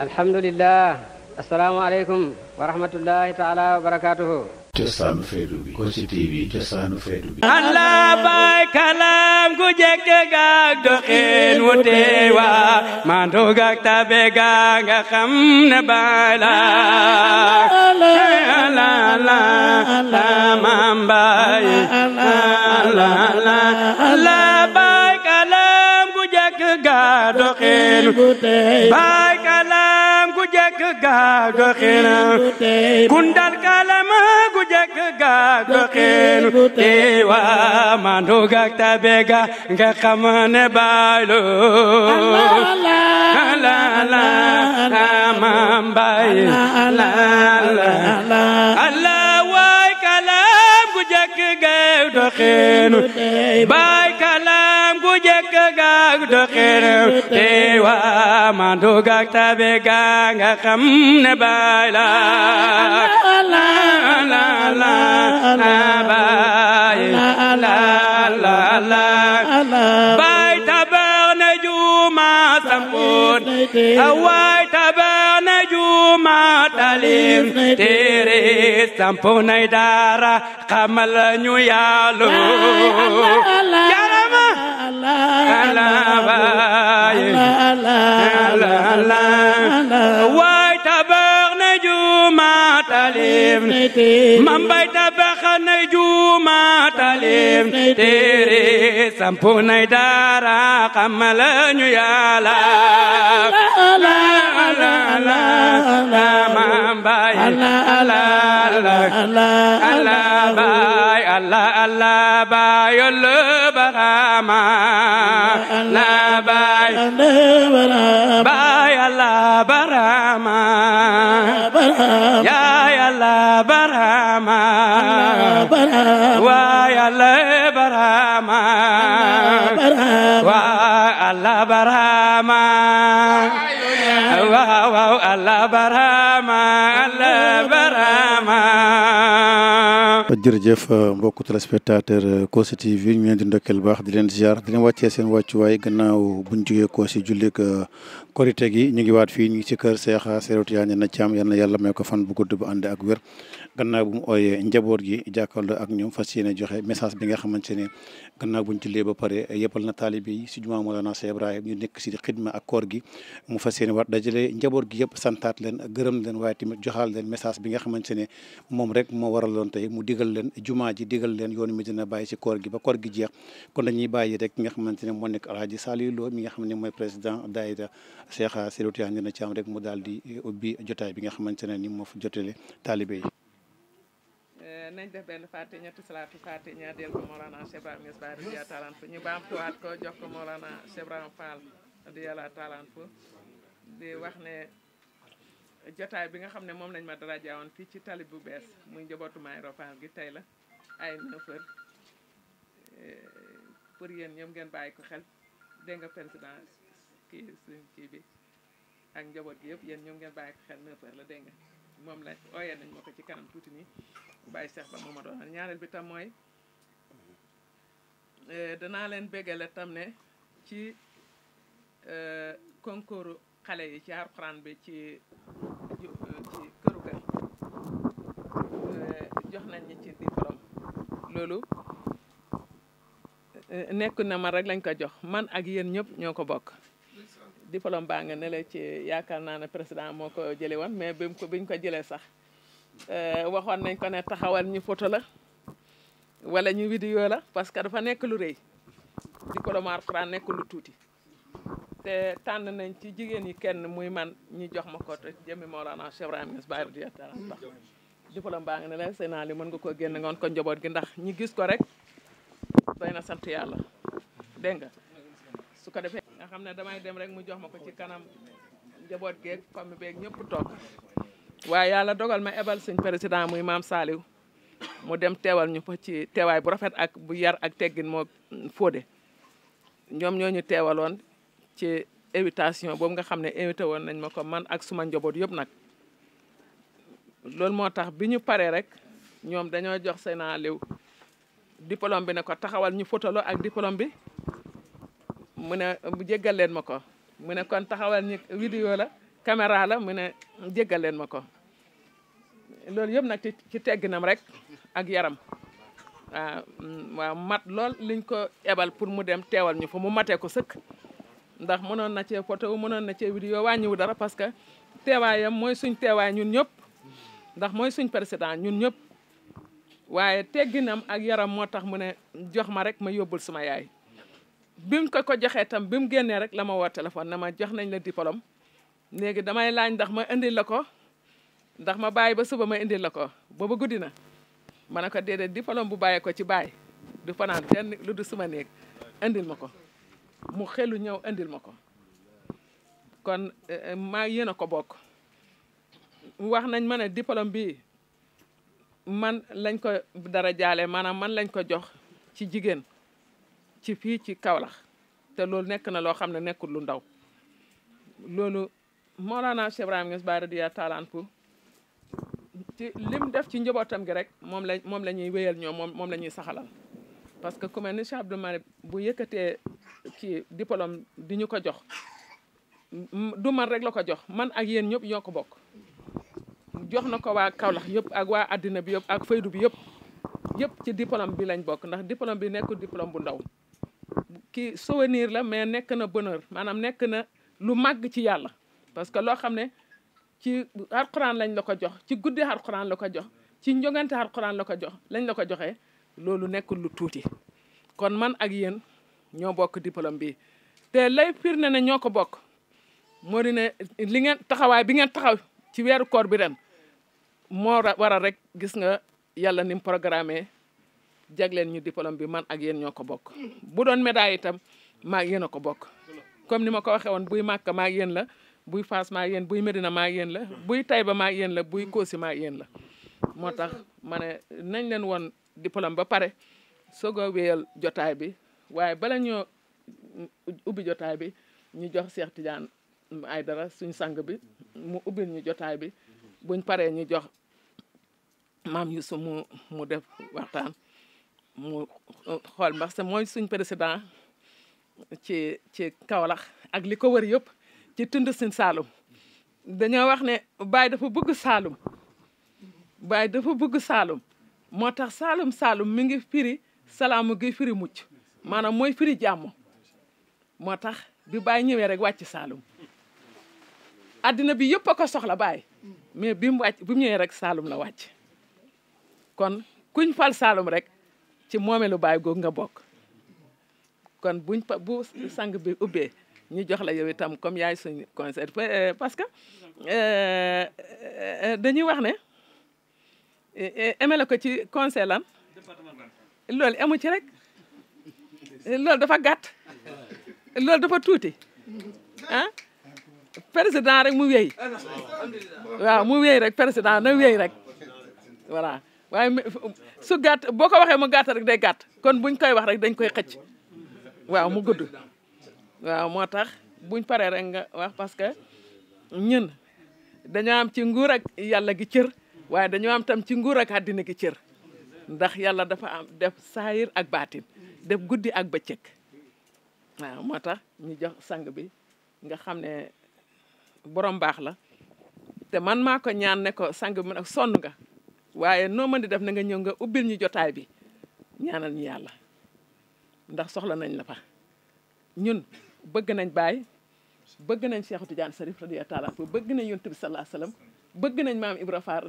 alhamdulillah baay kalaam ku jekk gaag doxin wu teewa maandu gaag tabe gaag nga xam ne baay laa la baay kalaam ku jekk gaag doxin baay jekk gaa doxina kundal kalama gu jekk gaa doxinu teewa mandu gak tabe ga nga xam ne baylo la la la la mam bay la la Allah waay kalam gu jekk gaa doxinu bay du xerew tey waa mandu gak tabe ga nga xam ne baay la la la la baay la la la baay tabax na juuma sampoon awaay tabax na juuma talim tere sampoon ay daara xamal ñu yàlla mam bay tabax nay juuma talim téere sampu nay daara xamal ñu Yàlla la la la mam bay la la la la bay la la bay barama la bay bay la barama ya ya la barama wa ya la barama wa Allah barama wa wa Allah barama jërëjëf euh, mbokku téléspectateur euh, Kossy TV ñu leen di ndokkeel baax di leen ziar di leen wàccee seen wàccuwaay gannaaw buñ jógee Kossy jullik euh, korite gi ñu ngi waat fii ñu ngi ci kër Seexa Seeru Tijaan na Caam yal na yàlla may ko fan bu gudd bu ànd ak wér gannaaw bu mu ooyee njaboot gi jàkkaarloo ak ñoom fas yéene joxe message bi nga xamante ne gannaaw bu ñu jullee ba pare yëppal na taalibe yi si jumaa Mawlana ñu nekk si xidma ak koor gi mu fas yéene war dajale njaboot gi santaat leen gërëm leen waaye tamit joxaal leen message bi nga xamante ne moom rek moo waraloon tey mu digal leen jumaa ji digal leen yoonu Medina bàyyi si koor gi ba koor gi jeex kon dañuy bàyyi rek nga xamante ne moo nekk Alhaji Saliou Lo mi nga xam ne mooy président daayira Cheikh Sirou Tidiane Niass Thiam rek mu daal di ubbi jotaay bi nga xamante ne ni moo fa jotale taalibe nañ def benn fàtte ñetti salaatu fàtte ñaadeel ko Mawlana Cheikh Ibrahim Niass Baye radiyallahu taala anhu ñu baamtuwaat ko jox ko Mawlana Cheikh Ibrahim Fall radiyallahu taala anhu di ya wax ne jotaay bi nga xam ne moom lañ ma dara jaawoon fii ci tali bu bees muy njabootu Mayoro Fall gi tey la ay 9h pour yéen ñoom ngeen bàyyi ko xel dégg nga président kii suñ kii bi ak njaboot gi yëpp yéen ñoom ngeen bàyyi ko xel 9 la dégg nga moom la ooyee nañ ma ko ci kanam tuuti nii bàyyi seex ba mooma doon ñaareel bi tam mooy euh, danaa leen bégale tam ne ci euh, concours xale yi ci alxuraan bi ci ci këru gan euh, jox nañ ñi ci diplôme loolu nekk na ma rek lañ ko jox man ak yéen ñëpp ñoo ko bokk diplôme baa nga nelee ci yaakaar naa ne président moo ko jële woon mais bi ko biñ ko jëlee sax Euh, waxon nañ ko ne taxawal ñu photo la wala ñu vidéo la parce que dafa nek lu rëy Diplomates Fra nek lu tuti te tan nañ ci jigéen yi kenn muy man ñu jox mako ko te jëmmi Mawlana Cheikh Ibrahima Niass Baye radiyallahu taala ndax diplôme baa nga ne la seenaa li mën nga ko genn ngoon ko njobot gi ndax ñi gis ko rek doyna sant yalla denga su ko defé nga xamné damay dem rek mu jox mako ci kanam njobot geek famille beek ñepp tok waaye yàlla dogal ma ebal suñ président muy maam Saliou mu dem teewal ñu fa ci teewaay bu rafet ak bu yar ak teggin moo Fodé ñoom ñoo ñu teewaloon ci invitation boobu nga xam ne invité woon nañ ma ko man ak suma njaboot yëpp nag. loolu moo tax bi ñu paree rek ñoom dañoo jox seen liw diplôme bi ne ko taxawal ñu fotolo ak diplôme bi mu ne jéggal leen ma ko mu ne kon taxawal ñu vidéo la. caméra la mu ne jéggal leen ma ko loolu yëpp nag ci tegginam rek ak yaram mm, waaw mat lool liñ ko ebal pour mu dem teewal ñu fa mu matee ko sëkk ndax mënoon na cee photo mënoon na cee vidéo wàññiwu dara parce que teewaayam mooy suñ teewaay ñun ñëpp ndax mooy suñ président ñun ñëpp waaye tegginam ak yaram moo tax mu ne jox ma rek ma yóbbul sama yaay bi mu ko ko joxee tam bim mu génnee rek la ma woo téléphone na ma jox nañ la diplôme léegi damay laaj ndax ma indil la ko ndax ma bàyyi ba suba ma indil la ko booba guddi na ma ne ko déedéet diplôme bu bàyyee ko ci bàyyi du fanaan fenn lu du suma néeg indil ma ko mu xelu ñëw indil ma ko kon eh, eh, maa yéen a ko bokk wax nañ ma ne diplôme bi man lañ ko dara jaale maanaam man lañ ko jox ci jigéen ci fii ci kawlax te loolu nekk na loo xam ne nekkul lu ndaw loolu Mawlana Cheikh Ibrahima Niass Baye radiyallahu taala anhu ci lim def ci njabootam gi rek moom la moom la ñuy wéyal ñoom moom moom la ñuy saxalal parce que ku mel ni Cheikh Abdou Malick bu yëkkatee kii diplôme di ñu ko jox du man rek la ko jox man ak yéen ñëpp ñoo bokk jox na ko waa Kaolack yëpp ak waa àddina bi yëpp ak faydu bi yëpp yëpp ci diplôme bi lañ bokk ndax diplôme bi nekkul diplom bu ndaw kii souvenir la mais nekk na bonheur maanaam nekk na lu màgg ci yàlla parce que loo xam ne ci alxuraan lañ la ko jox ci guddi alxuraan la ko jox ci njongante alxuraan la ko jox lañ la ko joxe loolu nekkul lu tuuti kon man ak yéen ñoo bokk diplôme bi te lay firnde ne ñoo ko bokk moo di li ngeen taxawaay bi ngeen taxaw ci weeru koor bi ren moo waral rek gis nga yàlla ni mu programme jagleen ñu diplôme bi man ak yéen ñoo ko bokk bu doon médaille itam maag yéen a ko bokk comme ni ma ko waxee woon buy màkk maa yéen la buy Fass maa yéen buy Medina maa yéen la buy Taïba maa yéen la buy Koosi maa yéen la moo tax ma ne nañ leen woon diplôme ba pare soog a wéyal jotaay bi waaye bala ñoo ubbi jotaay bi ñu jox Cheikh Tidiane ay dara suñ sang bi mu ubbil ñu jotaay bi buñ paree ñu jox maam Youssou mu mu def waxtaan mu xool ndax mooy suñ président ci ci kawlax ak li ko wër yëpp ci tund sin Saalum dañoo wax ne baay dafa bëgg Saalum Baye dafa bëgg Saalum moo tax Saalum Saalum mi ngi firi salaamu gi firi mucc maanaam mooy firi jàmm moo tax bi Baye ñëwee rek wàcc Saalum addina bi yëpp a ko soxla Baye mais bi wàcc bi ñëwee rek Saalum la wàcc kon kuñ fal Saalum rek ci moomeelu Baye googu nga bokk kon buñ bu sang bi ubbee ñu jox la yow itam comme yaay suñu conseil euh, parce que euh, euh, dañuy wax ne emele ko ci conseil lan loolu amu ci rek loolu dafa gàtt loolu dafa tuuti ah président rek mu wéy waaw mu wéy rek président na wéy rek voilà waaye su gàtt boo ko waxee mu gàtt rek day gàtt kon buñ koy wax rek dañ koy xëcc waaw mu gudd waaw moo tax buñ paree rek nga wax parce que ñun dañoo am ci nguur ak yàlla gi cër waaye dañoo am tam ci nguur ak àddina gi cër ndax yàlla dafa am def saayir ak baatin def guddi ak bëccëg waaw moo tax ñu jox sang bi nga xam ne borom baax la te man maa ko ñaan ne ko sang bi mu ne sonn nga waaye noo mën di def na nga ñëw nga ubbil ñu jotaay bi ñaanal ñu yàlla ndax soxla nañ la fa ñun bëgg nañ Baay bëgg nañ Cheikh Tidiane Sarif radiyallahu taala anhu bëgg nañ Yonent bi sallallahu alayhi wasallam bëgg nañ maam Ibra Faal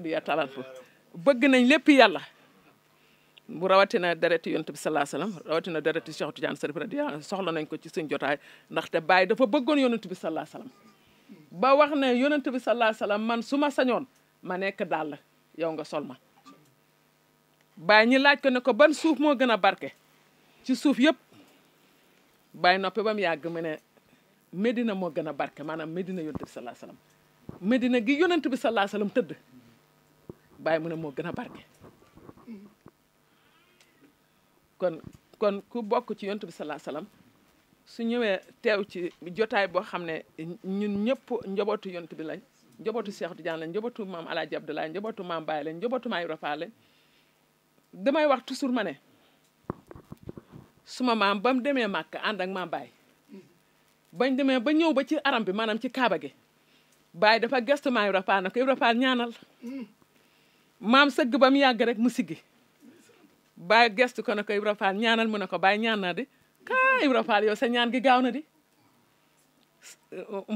bëgg nañ lépp yàlla bu rawatina dereti Yonent bi sallallahu alayhi wasallam rawatina dereti Cheikh Tidiane Sarif radiyallahu soxla nañ ko ci suñ jotaay ndaxte Baay dafa bëggoon Yonent bi sallallahu alayhi wasallam ba wax ne Yonent bi sallallahu alayhi man su ma sañoon ma nekk daal yow nga sol ma Baay ñi laaj ko ne ko ban suuf moo gën a barke ci suuf yëpp bàyyi noppi ba mu yàgg mu ne Medina moo gën a barke maanaam Medina yoon bi salaa salaam Medina gi yonent bi salaa salaam tëdd bàyyi mu ne moo gën a barke. kon kon ku bokk ci yoon bi salaa salaam su ñëwee teew ci jotaay boo xam ne ñun ñëpp njabootu yonent bi lañ njabootu Cheikh Tidiane lañ njabootu maam El Hadj Abdoulaye njabootu maam Baye lañ njabootu maam Irofa damay wax toujours ma ne. suma maam ba mu demee màkk ànd ak maam baay bañ demee ba ñëw ba ci aram bi maanaam ci kaaba gi baay dafa gestu maam Ibra Fall na ñaanal maam sëgg ba mu yàgg rek mu siggi baay gestu ko ne ko Ibra Fall ñaanal mu ne ko baay ñaan naa di sa ñaan gi gaaw na di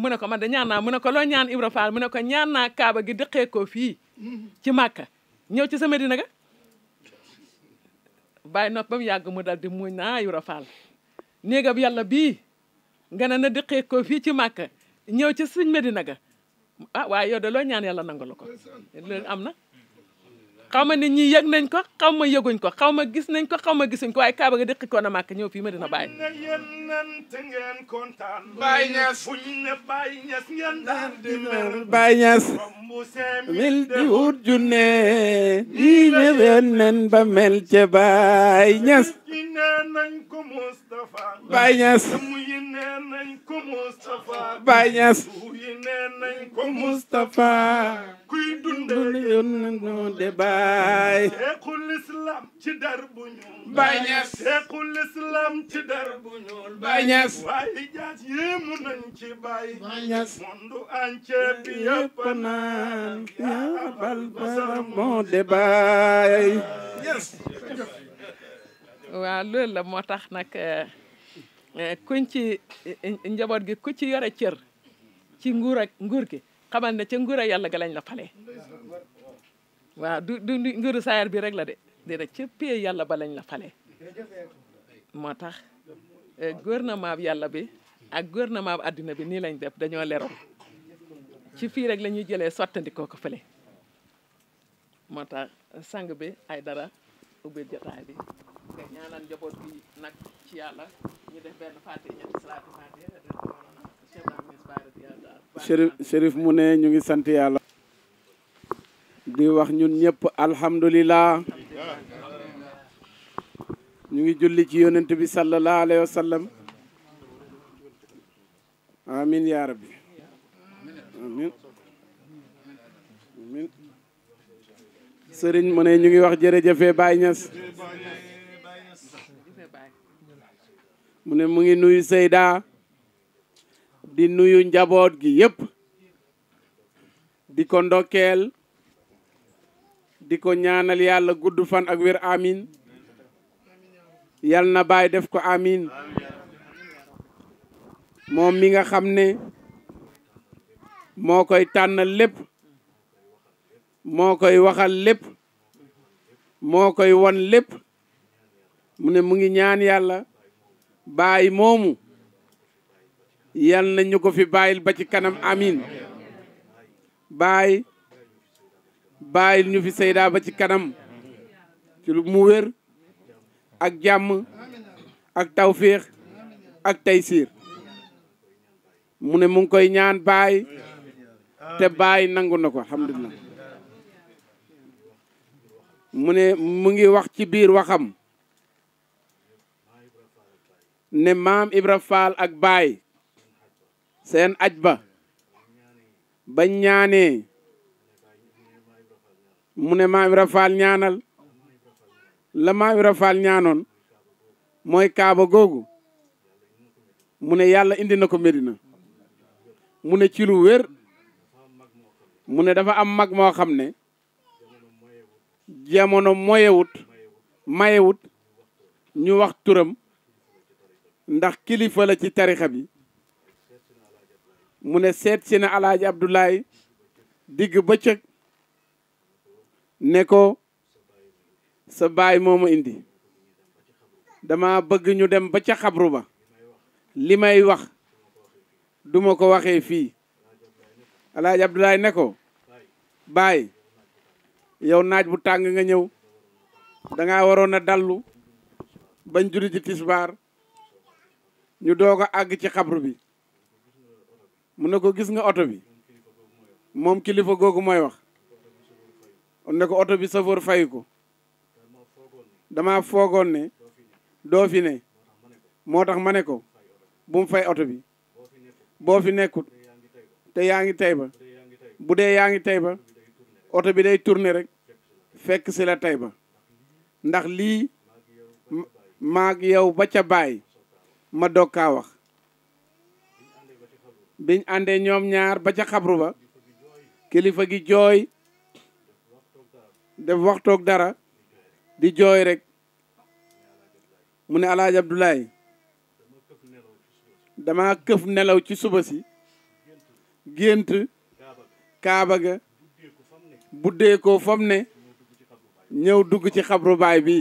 mu ne ko man de ñaan naa mu ne ko loo ñaan Ibra Fall mu ne ko ñaan naa kaaba gi dëqee ko fii mm-hmm. ci màkka ñëw ci sa Medina ga bàyyi nag ba mu yàgg mu dal di muñ naa ah, Ibra Fall néegam yàlla bii nga na ne na dëqee ko fii ci màkk ñëw ci suñ Medina ga ah waaye yow de loo ñaan yàlla nangu la ko am na xaw ma nit ñi yëg nañ ko xaw ma yëguñ ko xaw ma gis nañ ko xaw ma gisuñ ko waaye kaaba ga dëkk ko na màkk ñëw fii ma dina bàyyi na yéen nant ngeen kontaan Baye Niass fuñ ne Baye mel Baye Niass mil di wut junne nen ba mel ca Baye Niass ñi nee ko Moustapha Baye Niass mu yi nee nañ de Baye baay seexul islam ci dar bu ñuul baay ñas nañ ci baay ñas mondu entier bi yëpp yaa bal moo de baay waaw loolu la moo tax nag eh, eh, kuñ ci eh, njaboot gi ku ci yore cër ci nguur ak nguur gi xamal na ci nguur a yàlla ga lañ la fale waaw du du ngëru saayar bi rek la de déedéet ca pee yàlla ba lañ la fale moo tax eh, gouvernement yàlla bi ak gouvernement bi àddina bi nii lañ def dañoo lero ci fii rek lañuy ñuy jëlee sottandikoo ko fale moo tax sang bi ay dara ubbi jotaay bi te njaboot bi nag ci yàlla ñu def mu ne ñu ngi sant yàlla di wax ñun ñëpp alhamdulillah ñu ngi julli ci yonent bi sallallahu alayhi wasallam amin ya rabbi amin amin serigne mo ne ñu ngi wax jërëjëfe Baay Ñas mu ne mu ngi nuyu sayda di nuyu njabot gi yep di ko ndokel di ko ñaanal yàlla gudd fan ak wér amin yal na baay def ko amiin moom mi nga xam ne moo koy tànnal lépp moo koy waxal lépp moo koy wan lépp mu ne mu ngi ñaan yàlla baay moomu yal na ñu ko fi bàyyil ba ci kanam amiin baay bàyyil ñu fi Seyda ba ci kanam ci lu mu wér ak jàmm ak tawféex ak taysiir mu ne mu ngi koy ñaan baay te baay nangu na ko alhamdulilah mu ne mu ngi wax ci biir waxam ne maam Ibra Faal ak baay seen aj ba ba ñaanee mu ne maam Ibra ñaanal la maam Ibra ñaanoon mooy kaaba googu mu ne yàlla indi na ko Medina mu ne ci lu wér mu ne dafa am mag moo xam ne jamono moyewut mayewut ñu wax turam ndax kilifa la ci tarixa bi mu ne seet si na alaaji Abdoulaye digg bëccëg ne ko sa baay moo indi dama bëgg ñu dem ba ca xabru ba li may wax duma ko waxee fii alaaji abdoulaye ne ko baay yow naaj bu tàng nga ñëw danga waroon a dàllu bañ julli tisbaar ñu doog a àgg ci xabru bi mu ne ko gis nga oto bi moom kilifa googu mooy wax ne ko oto bi safoor fay ko dama foogoon ne doo fi ne moo tax ma ne ko bu mu fay oto bi boo fi nekkut te yaa ngi tey ba bu dee yaa ngi tey ba oto bi day turne rek fekk si la tey ba ndax lii maag yow ba ca baay ma dog kaa wax biñ àndee ñoom ñaar ba ca xabru ba kilifa gi jooy def waxtoog dara di jooy rekk mu ne alaaj Abdoulaye dama këf nelaw ci suba si gént kaaba ga buddee ko fam ne ñëw dugg ci xabru baay bi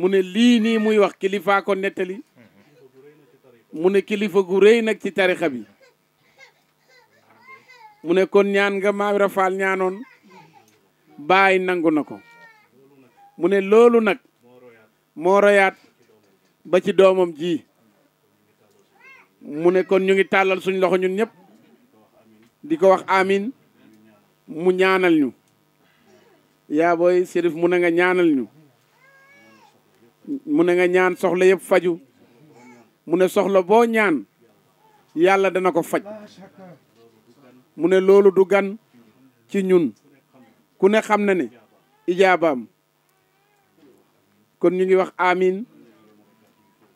mu ne lii nii muy wax kilifaa ko nettali mu ne kilifa gu rëy nag ci tarixa bi mu ne kon ñaan nga Maam Ibra Faal ñaanoon baay nangu na ko mu ne loolu nag moo royaat ba ci doomam ji mu ne kon ñu ngi tàllal suñ loxo ñun ñëpp di ko wax amin mu ñaanal ñu yaa booy mu ne nga ñaanal ñu mu ne nga ñaan soxla yëpp faju mu ne soxla boo ñaan yàlla dana ko faj mu ne loolu du gan ci ñun ku ne xam na ne ijaabaam kon ñu ngi wax amin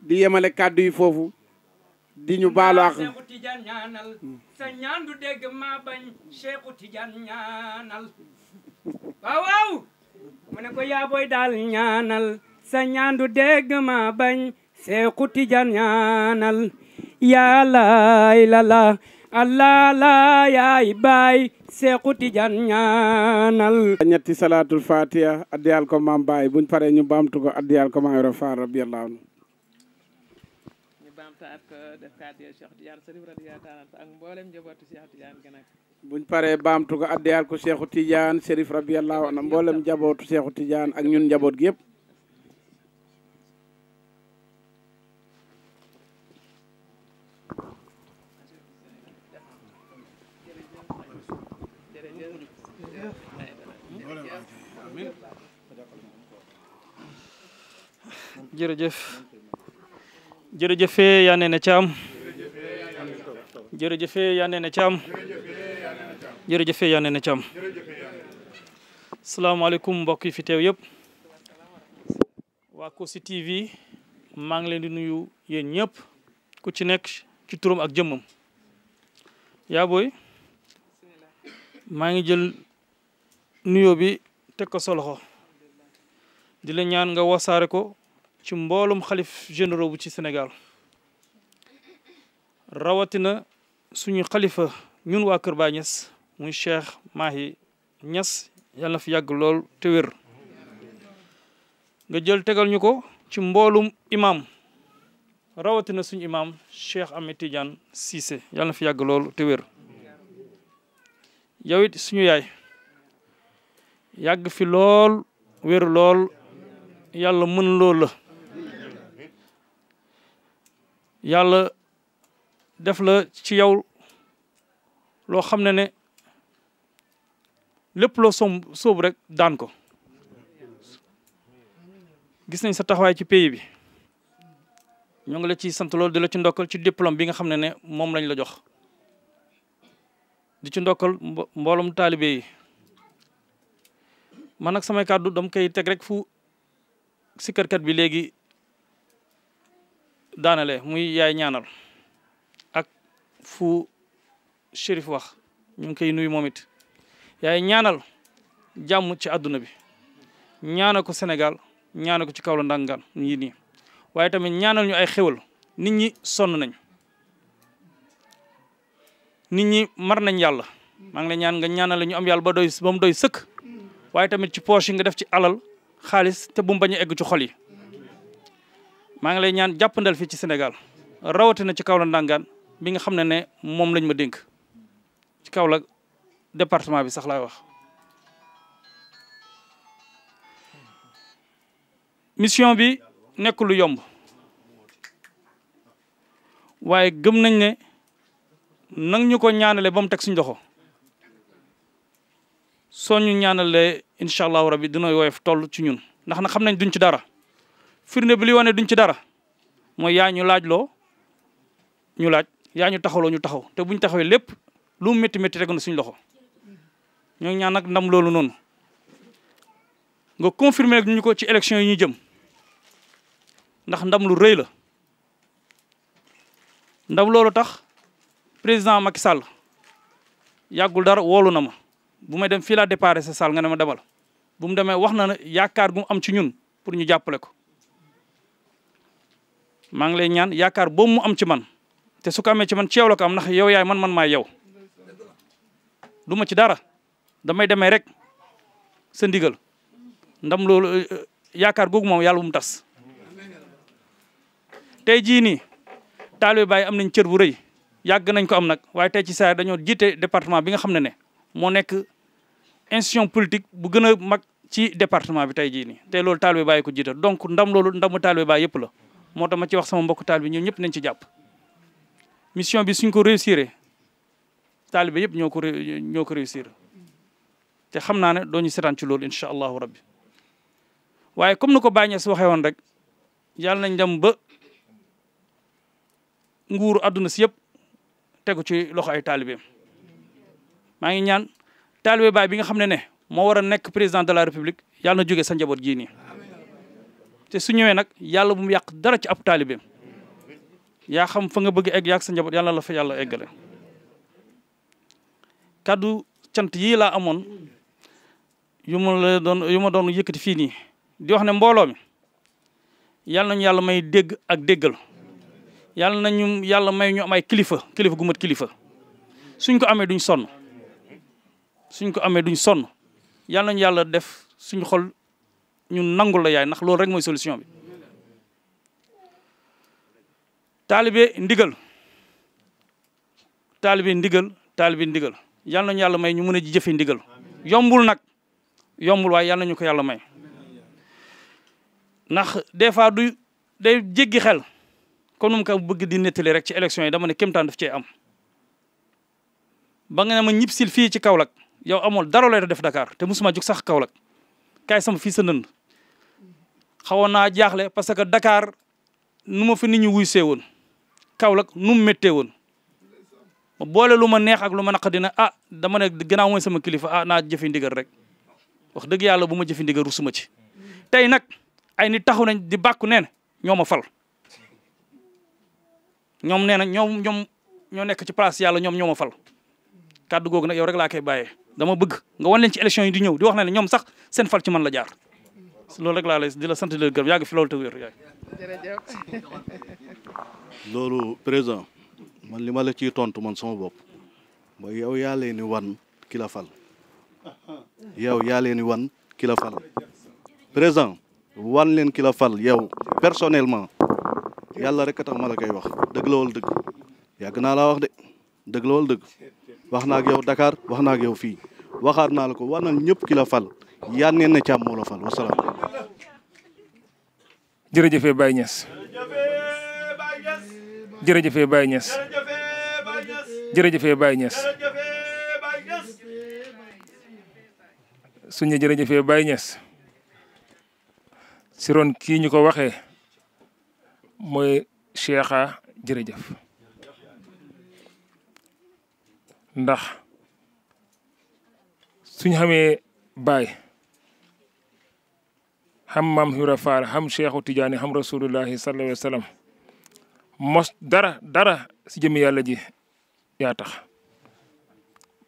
di yemale kàddu yi foofu di ñu baalaax Cheikhu Tidiane ñaanal sa ñaan du dégg bañ Cheikhu Tidiane ñaanal ko yaa daal ñaanal sa ñaan du dégg maa bañ yaa lay la allah la ya ibai seexu tijaan ñaanal ñetti salaatul fatiha addiyal ko maam baay buñ paree ñu baamtu ko addiyal ko maam Ibra Faal radiyallahu anhu ñu baamtaat ko euh, def kàddu Cheikh Tidiane Sarif radiyallahu taala ak mboolem njabootu Cheikh Tidiane gën buñ paree baamtu ko addiyal jërëjëf jërëjëfe yaa nee na caam jërëjëfe yaa nee na caam jërëjëfe yaa nee na caam mbokk yi fi teew yëpp waa Kossy TV maa ngi leen di nuyu yéen ñëpp ku ci nekk ci turam ak jëmmam yaa booy maa ngi jël nuyoo bi teg ko sa di la ñaan nga wasaare ko ci mboolum xalif généraux bu ci Sénégal rawatina suñu xalifa ñun waa Kër ba Ñas muy Cheikh Mahi Ñas yàlla fi yàgg lool te wér nga jël tegal ñu ko ci mboolum imam rawatina suñu imam Cheikh Ahmed Tidiane Cissé yàlla fi yàgg lool te wér yow suñu yaay yàgg fi lool wér lool yàlla mën lool la yalla def la ci yow lo xamne ne lepp lo som sóobu rek daan ko gis nañ sa taxaway ci pays bi ñu ngi la ci sant loolu di la ci ndokal ci diplôme bi nga xamne ne mom lañ la jox di ci ndokal mbolum talibé yi man ak samay kaddu dam kay tek rek fu kat bi léegi daanale muy yaay ñaanal ak fu shérif wax ñu ngi koy nuyu momit yaay ñaanal jàmm ci àdduna bi ñaana ko Sénégal ñaana ko ci kaw la ndàngaan yi nii waaye tamit ñaanal ñu ay xéwal nit ñi sonn nañ nit ñi mar nañ yàlla maa ngi la ñaan nga ñaanal ñu am yàlla ba doy ba doy sëkk waaye tamit ci poche yi nga def ci alal xaalis te bu mu bañ egg ci xol yi maa ngi lay ñaan jàppandal fii ci Sénégal rawatina ci Kaolack ndàngaan bi nga xam ne ne moom lañ ma dénk ci Kaolack département bi sax laay wax. mission bi nekk lu yomb waaye gëm nañ ne nang ñu ko ñaanale ba mu teg suñ loxo soo ñu ñaanalee incha allahu rabi dina woyof toll ci ñun ndax na xam nañ duñ ci dara. firnde bi li wane duñ ci dara mooy yaa ñu laaj loo ñu laaj yaa ñu taxawloo ñu taxaw te buñ taxawee lépp lu mu métti métti tegu na suñ loxo ñoo ñaan nag ndam loolu noonu nga confirmer ñu ko ci élection yi ñu jëm ndax ndam lu rëy la ndam loolu tax président Macky Sall yàggul dara woolu na ma bu may dem fii laa déparé sa salle nga ne ma demal bu mu demee wax na yaakaar gu am ci ñun pour ñu jàppale ko maa ngi lay ñaan yaakaar boobu mu am ci man te su amee ci man ci yow am ndax yow yaay man man maay yow du ma ci dara damay demee rek sa ndigal ndam loolu euh, euh, yaakaar googu moom yàlla bu mu tas tey jii nii taalibe Baay am nañ cër bu rëy yàgg nañ ko am nag waaye tey ci saa dañoo jiite département bi nga xam ne ne moo nekk institution politique bu gën a mag ci département bi tey jii nii tey loolu taalibe Baay ko jiite donc ndam loolu ndamu taalibe Baay yëpp la moo tax ma ci wax sama mbokk taal bi ñoom ñëpp nañ ci jàpp mission bi suñ ko réussir taalibe yëpp ñoo ko ñoo ko réussir te xam naa ne doo ñu seetaan ci loolu incha allahu rabbi waaye comme nu ko Baye Niass waxee woon rek yàlla nañ dem ba nguuru àdduna si yëpp tegu ci loxo ay taalibeem maa ngi ñaan taalibe Baye bi nga xam ne ne moo war a nekk président de la république yàlla na sa njaboot gii nii te su ñëwee nag yàlla bu mu yàq dara ci ab taalibeem yaa xam fa nga bëgg egg yàgg sa njaboot yàlla la fa yàlla eggale kàddu cant yii laa amoon yu ma doon yu ma doon yëkkati fii nii di wax ne mbooloo mi yàlla nañu yàlla may dégg ak déggal yàlla nañu yàlla may ñu am ay kilifa kilifa gu mat kilifa suñ ko amee duñ sonn suñ ko amee duñ sonn yàlla nañu yàlla def suñu xol ñu nangul la yaay ndax loolu rek mooy solution bi taalibe ndigal taalibe ndigal taalibe ndigal yal nañu yàlla may ñu mën a ji jëfe ndigal yombul nag yombul waay yal nañu ko yàlla may ndax des fois du day jéggi xel comme nu ko bëgg di nettali rek ci élection yi dama ne kéemtaan daf cee am ba nga ne ma ñibsil fii ci Kaolack yow amool dara lay def Dakar te musuma jug sax Kaolack kay sama fii sa nënd xawoon naa jaaxle parce que dakaar nu ma fi ni ñu wuy see woon Kaolack nu mu méttee woon ma boole lu ma neex ak lu ma naqari ah dama ne gannaaw mooy sama kilifa ah naa jëfi ndigal rek wax dëgg yàlla bu ma jëfi ndigal rusuma ci. tey nag ay ni taxu nañ di bàkku nee na ñoo ma fal ñoom neen na ñoom ñoom ñoo nekk ci place yàlla ñoom ñoo ma fal kàddu googu nag yow rek laa koy bàyyee. dama bëgg nga wan leen ci élection yi di ñëw di wax ne ne ñoom sax seen fal ci man la jaar. loolu rek laa lay sant di la yàgg fi loolu te wér man li ma la ci tontu man sama bopp mooy yow yaa leen ni wan ki fal yow yaa leen ni wan ki la wan leen ki fal yow personnellement yàlla rek a tax ma la koy wax dëgg la wala dëgg yàgg naa laa wax de dëgg la wala dëgg wax naa ak yow Dakar wax naa ak yow fii waxaat naa la ko wanal ñëpp ki la fal yàlla neen na càmm moo la fal wasalaam. jërëjëfee Baye Niass jërëjëfee Baye Niass jërëjëfee Baye Niass suñu jërëjëfee Baye Niass si ron kii ñu ko waxee mooy Cheikha jërëjëf ndax suñu xamee baay xam maam Ibra Fall xam Cheikhu Tidiane xam rasulullahi sallallahu alayhi wa sallam mos dara dara si jëmmi yàlla ji yaa tax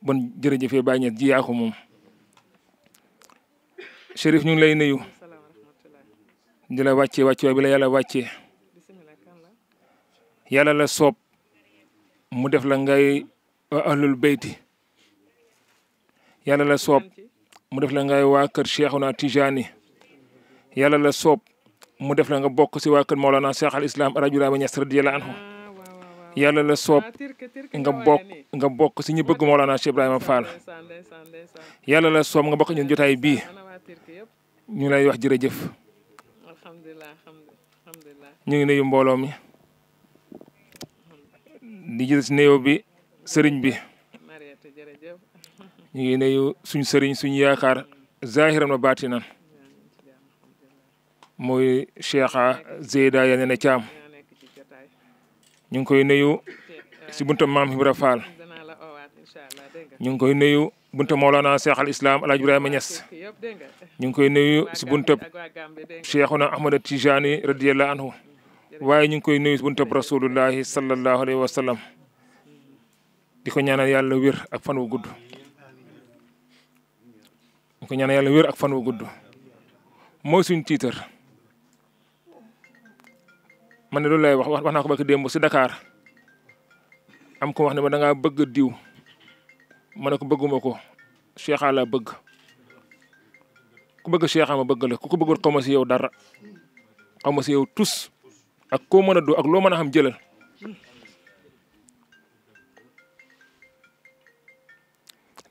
bon jërëjëfee bàyyi ñet ji yaa moom Chérif ñu ngi lay nuyu di la wàccee wàcce waay bi la yàlla wàcce yàlla la soob mu def la ngay waa ahlul beyti yàlla la soob mu def la ngay waa kër Cheikhuna Tidiane yalla la sop, mu def la nga bokk si waa kër Cheikh al Islam Rajulaama Ñas radiyallaahu anhu yalla la sop nga bokk nga bokk si ñu bëgg Mawlana Cheikh Ibrahima Fall yalla la sop nga bokk ñun jotaay bi ñu lay wax jërëjëf ñu ngi nuyu mbooloo mi di jël si bi sëriñ bi ñu ngi nuyu suñ sëriñ suñ yaakaar zahiran wa batinan muy Cheikh Zeyda ya ne Thiam ñu ngi koy nuyu si bunta maam Ibra Fall ñu ngi koy nuyu bunta Mawlana Cheikh al Islam El Hadj Ibrahima Niass ñu ngi koy nuyu si bunta Cheikhuna Ahmada Tijani radiyallahu anhu waaye ñu ngi koy nuyu si bunta rasulullahi sallallahu alayhi wa di ko ñaanal yàlla wér ak fan wu gudd. ak fan wu gudd mooy suñu tiitar. man lu lay wax wax naa ko bakk dembu ci Dakar am ko wax ne ma da nga bëgg diiw ma ko bëgguma ko Cheikha laa bëgg ku bëgg Cheikha ma bëgg la ku ko bëggul xaw yow dara xaw yow tous ak ko mëna do ak lo mëna xam jëlal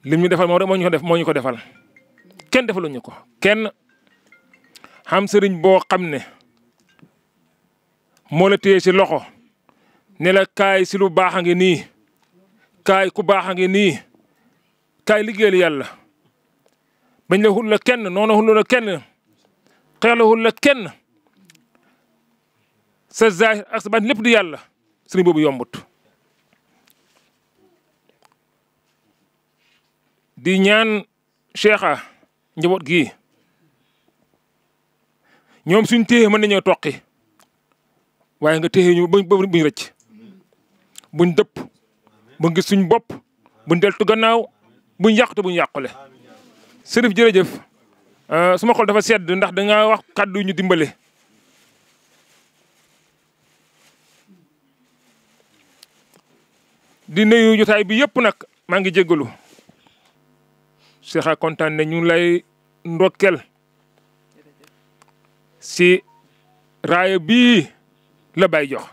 lim defal mo rek ñu ko def mo ñu ko defal kenn defaluñu ko kenn xam sëriñ bo xamne moo la téye si loxo ne la kaay si lu baax a ngi nii kaay ku baax a ngi nii kaay liggéeyal yàlla bañ la xul la kenn noona xul la kenn xeex la xul la kenn sa zaahir ak sa baatin lépp di yàlla sëriñ boobu yombut di ñaan cheikha njaboot gi ñoom suñ téye mën nañoo toqi waaye nga téye ñu buñ buñ rëcc buñ dëpp buñ gis suñ bopp buñ deltu gannaaw bu yàqute buñ yàqule. Serif jërëjëf euh, suma dafa sedd ndax da wax kàddu ñu dimbale. di nuyu jotaay bi yëpp nag maa ngi jégalu Cheikha kontaan ne ñu ngi lay ndokkel si raaya bi la bàyyi jox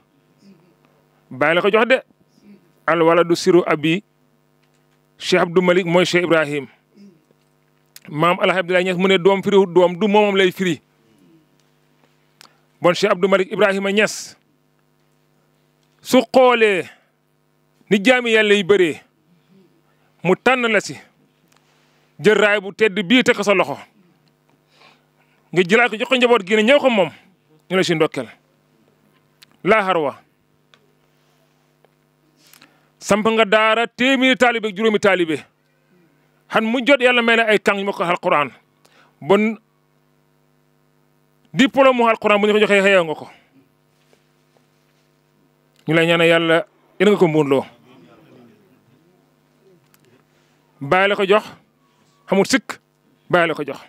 bàyyi la ko jox de al waladu siru abi cheikh abdou malik mooy cheikh ibrahim maam alhaji abdoulaye ñes mu ne doom firiwut doom du moomam lay firi bon cheikh abdou malik ibrahima ñes su xoolee ni jaami yàlla yi bëree mu tànn la si jël bu tedd bii teg ko sa loxo nga jëlaat ko jox ko njaboot gi ne ñëw ko moom ñu la ndokkel laa xarwa samp nga daara téeméeri taalibe juróomi taalibe xan mu jot yàlla may na ay kàng ñu ma ko alquran bon diplôme mu alquran bu ñu ko joxe xëyoo nga ko ñu lay ñaanal yàlla yéen nga ko mbuunloo bàyyi la ko jox xamul sikk bàyyi la ko jox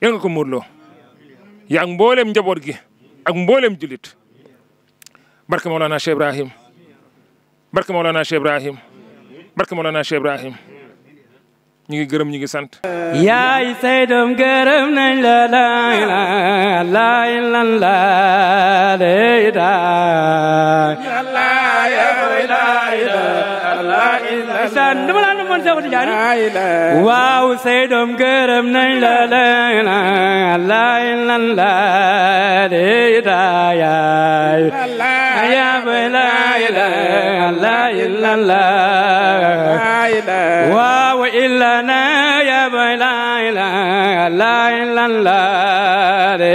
yéen nga ko mbuunloo yaa ngi mbooleem njaboot gi ak mboolem julit barke Mawlana Cheikh Ibrahim barke Mawlana Cheikh Ibrahim barke Mawlana Cheikh Ibrahim ñu gërëm ñu sant. yaay saydoom gërëm nañ la laay man Seexu Tijaan waaw Seydoom gërëm nañ la la la la la la la la waaw illa na ya bay la la la la la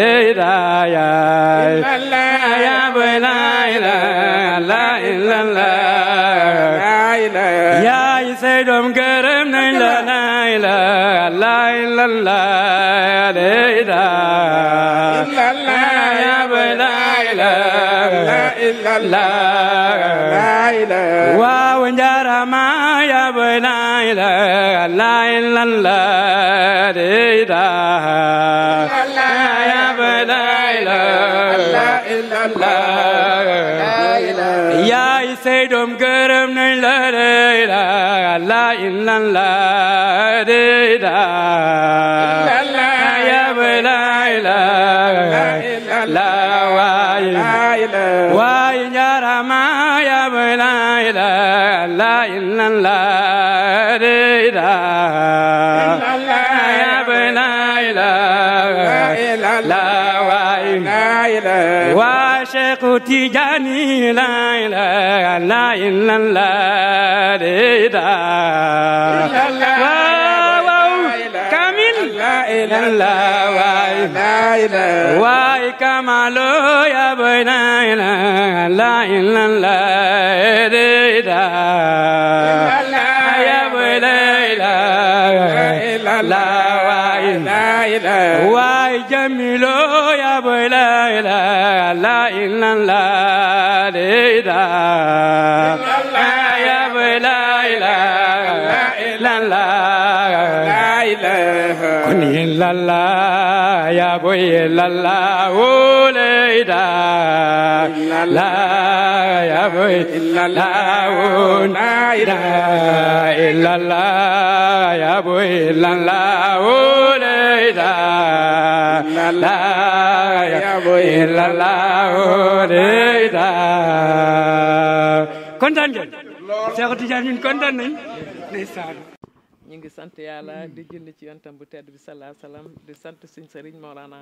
الله لا إله إلا الله يا لا إله إلا الله لا إله واو جرى ما يا لا إله لا إلا الله لا إله يا لا إله إلا الله يا سيدم قرم لا إله لا إلا الله لا إله Tijaani laa ilaaha illallaah waaw waaw kamil laa ilaaha waay kamalo ya boy laa ilaaha illallaah boy la la o le da la ya boy la la o na da la la ya boy la la o le da eh, la la ya boy la la o eh, le da kontaan ngeen Cheikh Tidiane ñun kontaan nañ ndeysaan ñu ngi sant yàlla hmm. di julli ci yontam bu tedd bi salaa salaam di sant suñ sëriñ Mawlana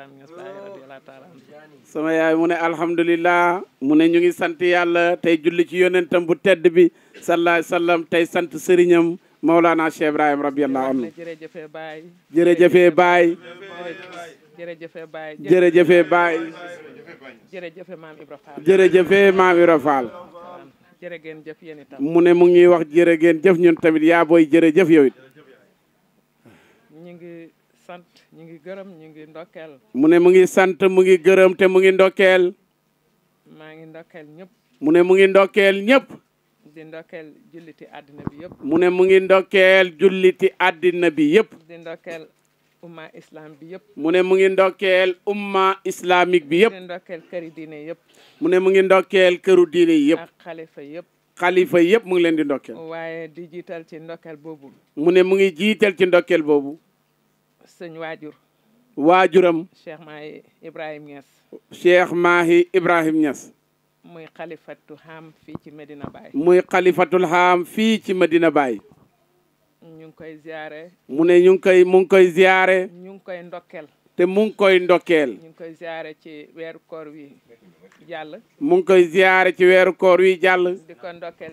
Cheikh Ibrahima Niass Baye sama yaay mu ne alhamdulilah mu ne ñu ngi sant yàlla tey julli ci yonentam bu tedd bi sallah salaam tey sant sëriñam Mawlana Cheikh Ibrahima radiyallahu anhu jërëjëfee baay jërëjëfee baay jërëjëfee baay jërëjëfee baay jërëjëfee maam Ibra jërëgeen jëf yéen itam mu ne mu ngi wax jërëgeen jëf ñun tamit yaa booy jërëjëf yow it ñu ngi sant ñu ngi gërëm ñu ngi ndokkeel mu ne mu ngi sant mu ngi gërëm te mu ngi ndokkeel maa ngi ndokkeel ñëpp mu ne mu ngi ndokkeel ñëpp di ndokkeel mu ne mu ngi ndokkeel julliti àddina bi yëpp umma islam bi yëpp. mu ne mu ngi ndokkeel umma islamique bi yëpp. mu ngi ndokkeel këri diine yëpp. mu ne mu ngi ndokkeel këru diine yëpp. ak xalifa yëpp. xalifa yëpp mu ngi leen di ndokkeel. waaye di jiital ci ndokkeel boobu. mu ne mu ngi jiital ci ndokkeel boobu. sëñ waajur. waajuram. Cheikh Mahi Ibrahim Niass. Cheikh Mahi Ibrahim Niass. muy xalifatul haam fii ci Medina Baye. muy xalifatul haam fii ci Medina Baye. ñu ngi koy ziare. mu ne ñu ngi koy mu ngi koy ziare. ñu ngi koy ndokkel. te mu koy ndokkeel. mu ngi koy ziare ci weeru koor wi jàll. mu ngi koy ziare ci weeru koor wi jàll. di ko ndokkeel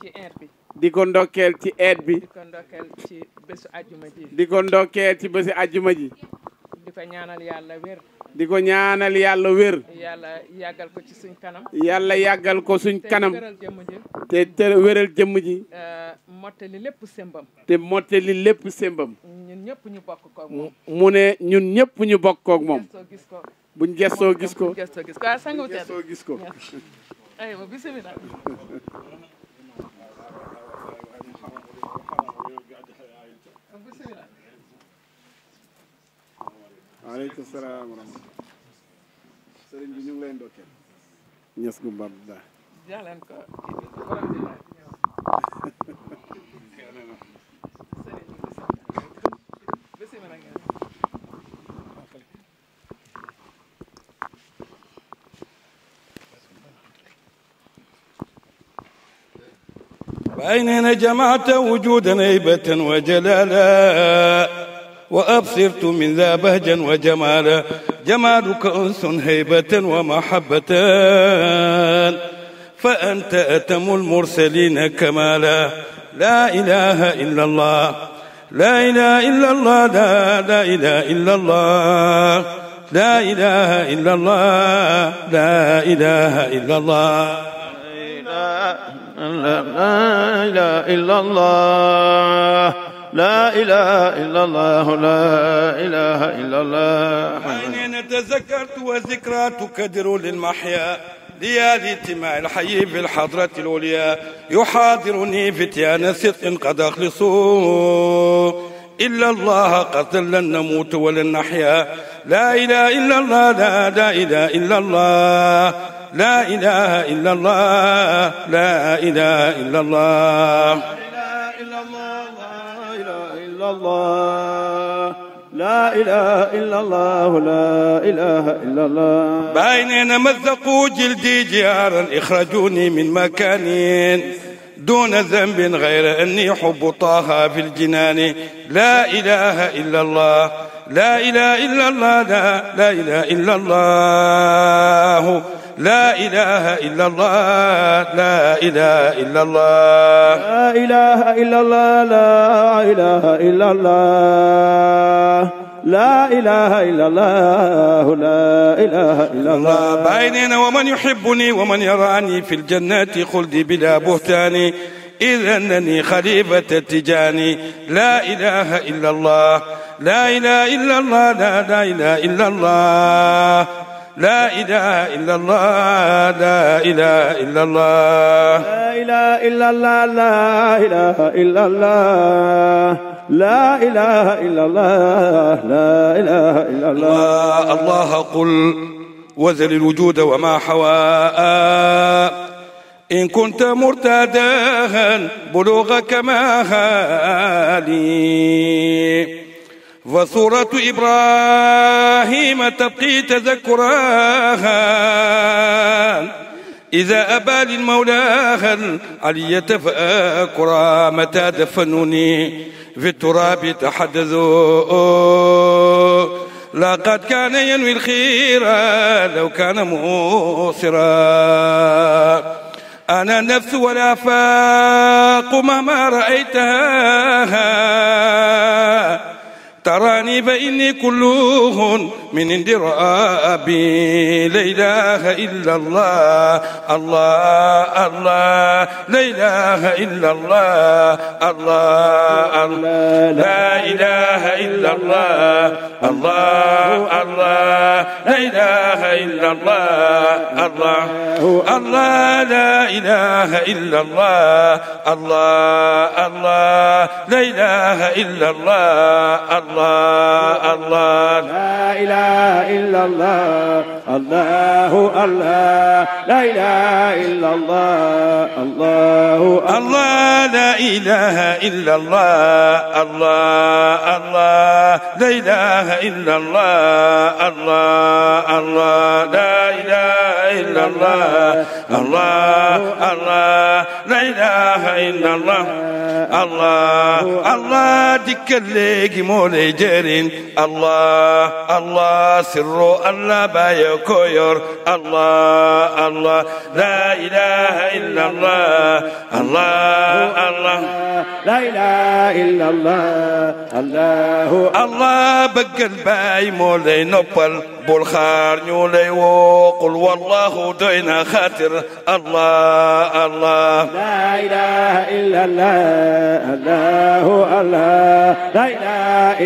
ci air bi. di ko ndokkeel ci eet bi. di ko ndokkeel ci bésu ajjuma ji. di ko ndokkeel ci bésu ajjuma ji. di ko ñaanal yàlla wér. yàlla yàggal ko ci suñ kanam. yàlla yàggal ko suñ kanam. te te wéral jëmm ji. Uh, moteli lépp sembam. te mottali lépp sembam. ñëpp ñu bokk koog mu ne ñun ñëpp ñu bokk koog moom. buñ gëstoo gis ko buñ gëstoo gis ko. waaw gis ko. aywa bisimilah. عليكم السلام ورحمة الله سيرين دي نيغ لين دوكيل باب دا جالن كو بيننا جمعت وجودا هيبة وجلالا وأبصرت من ذا بهجا وجمالا جمالك أنس هيبة ومحبة فأنت أتم المرسلين كمالا لا إله إلا الله لا إله إلا الله لا لا إله إلا الله لا إله إلا الله لا إله إلا الله لا إله إلا الله لا إله إلا الله لا إله إلا الله عيني تذكرت وذكرى تكدر للمحيا ليالي اجتماع الحي بالحضرة العليا يحاضرني فتيان صدق قد أخلصوا إلا الله قتل لن نموت ولن نحيا لا إله إلا الله لا, لا إله إلا الله لا إله إلا الله لا إله إلا الله الله لا إله إلا الله لا إله إلا الله بعيننا مزقوا جلدي جيارا اخرجوني من مكانين دون ذنب غير أني حب طه في الجنان لا إله إلا الله لا إله إلا الله لا, لا إله إلا الله لا إله إلا الله لا إله إلا الله لا إله إلا الله لا إله إلا الله لا إله إلا الله لا إله إلا الله بعيننا ومن يحبني ومن يراني في الجنة خلدي بلا بهتان إذ أنني خليفة تجاني لا إله إلا الله لا إله إلا الله لا, لا إله إلا الله لا إله إلا الله لا إله إلا الله لا إله إلا الله لا إله إلا الله لا إله إلا الله لا إله إلا الله الله قل وزل الوجود وما حواء إن كنت مرتدا بلوغك ما هالي وصورة إبراهيم تبقي تذكراها إذا أبى للمولاه العلية فأكرى متى دفنوني في التراب تحدثوا لقد كان ينوي الخير لو كان مؤصرا أنا النفس والآفاق مهما رأيتها تراني فإني كله من اندرابي لا إله إلا الله الله الله لا إله إلا الله الله الله لا إله إلا الله الله الله لا إله إلا الله الله الله لا إله إلا الله الله الله لا إله إلا الله الله الله الله لا إله إلا الله الله الله لا إله إلا الله الله الله لا إله إلا الله الله الله لا إله إلا الله الله الله لا إله إلا الله الله الله لا إله إلا الله الله الله دك اللي مولي حجر الله الله سر الله بايكوير الله الله لا إله إلا الله الله الله لا إله إلا الله الله الله بقل باي مولي نقبل بولخار نولي وقل والله دين خاطر الله الله لا إله إلا الله الله الله لا إله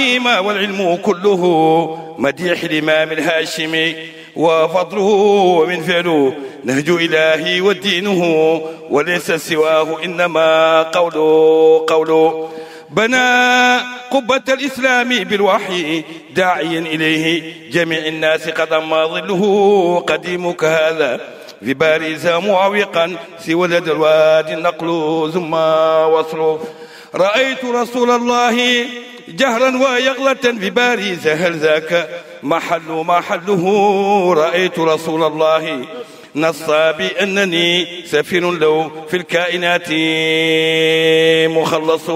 إبراهيم والعلم كله مديح الإمام الهاشمي وفضله ومن فعله نهج إلهي ودينه وليس سواه إنما قوله قوله بنى قبة الإسلام بالوحي داعيا إليه جميع الناس قد ما ظله قديمك هذا في باريس معوقا سوى لدى الوادي النقل ثم وصله رأيت رسول الله جهرا ويغلة بباريس هل ذاك محل محله رأيت رسول الله نص بأنني سفير له في الكائنات مخلص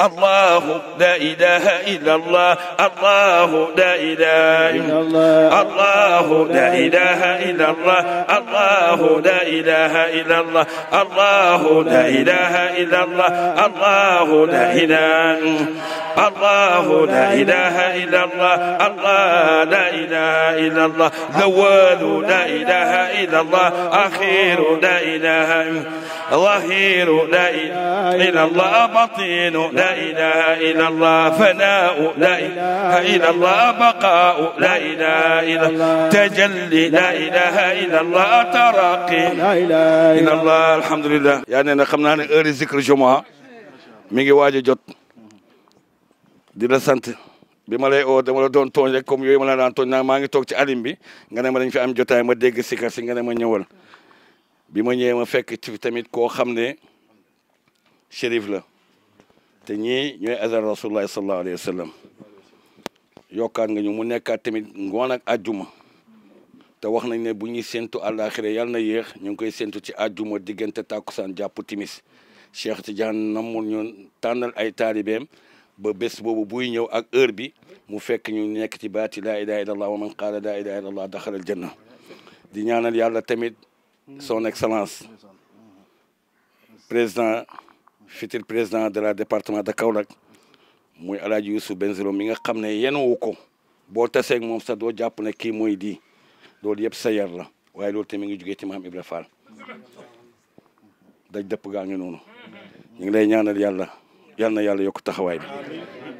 الله لا إله إلا الله الله لا إله إلا الله الله لا إله إلا الله الله لا إله إلا الله الله لا إله إلا الله الله لا إله إلا الله لا إله إلا الله الله لا إله إلا الله زوال لا إله إلا الله الله أخير لا إله ظهير لا إله إلا الله بطين لا إله إلا الله فناء لا إله إلا الله بقاء لا إله إلا الله تجلي لا إله إلا الله ترقي لا إله إلا الله الحمد لله يعني أنا خمنا أنا أري ذكر جمعة ميجي واجي جوت دي la sant bi ma lay oo dama la doon tooñ rek comme yooyu ma la daan tooñ naa maa ngi toog ci alim bi nga ne ma dañ fi am jotaay ma dégg sikar si nga ne ma ñëwal bi ma ñëwee ma fekk ci tamit koo xam ne shérif la te ñii ñooy azar rasulullah sallallahu alayhi yokkaat nga ñu mu nekkaat tamit ngoon ak àjjuma te wax nañ ne bu ñuy séntu àllaaxira yàlla na yéex ñu ngi koy séntu ci àjjuma diggante tàkkusaan jàpp timis Cheikh Tidiane namul ñun tànnal ay taalibeem ba bés boobu buy ñëw ak heure bi mu fekk ñu nekk ci baati laa ilaha illa allah wa man qaala laa ilaha illa allah daxal al janna di ñaanal yàlla tamit son excellence président futur président de la département de Kaolack muy alaaji yusuf Benzelo mi nga xam ne yenuwu ko boo taseeg moom sa doo jàpp ne kii mooy di loolu yëpp sa yar la waaye loolu tamit mi ngi jugee ci maam Ibra Fall daj dëpp gaa ngi noonu ñu ngi lay ñaanal yàlla yal na yàlla yokk taxawaay bi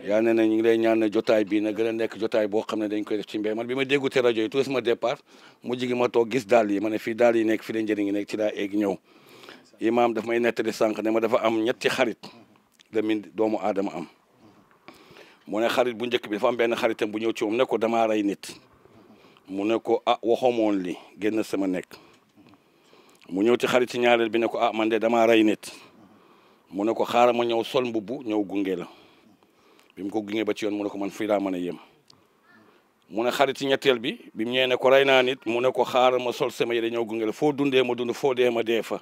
yaa ne na ñu ngi lay ñaan ne jotaay bii na gën a nekk jotaay boo xam ne dañ koy def ci mbéy man bi ma déggute rajo yi tout sama départ mu jigi ma toog gis daal yi ma ne fii daal yi nekk fi la njëriñ nekk ci laa eeg ñëw imaam daf may nettali sànq ne dafa am ñetti xarit la min doomu aadama am mu ne xarit bu njëkk bi dafa am benn xaritam bu ñëw ci moom ne ko damaa rey nit mu ne ko ah waxoomoon li génn sama nekk mu ñëw ci xarit ci ñaareel bi ne ko ah man de damaa rey nit mu ne ko xaaral ma ñëw sol mbubb ñëw gunge la bi mu ko gunge ba ci yoon mu ne ko man fii laa a yem mu ne xarit ci ñetteel bi bi mu ñëwee ko rey naa nit mu ne ko xaaral ma sol sama yére ñëw gunge la foo dundee ma dund foo dee ma dee fa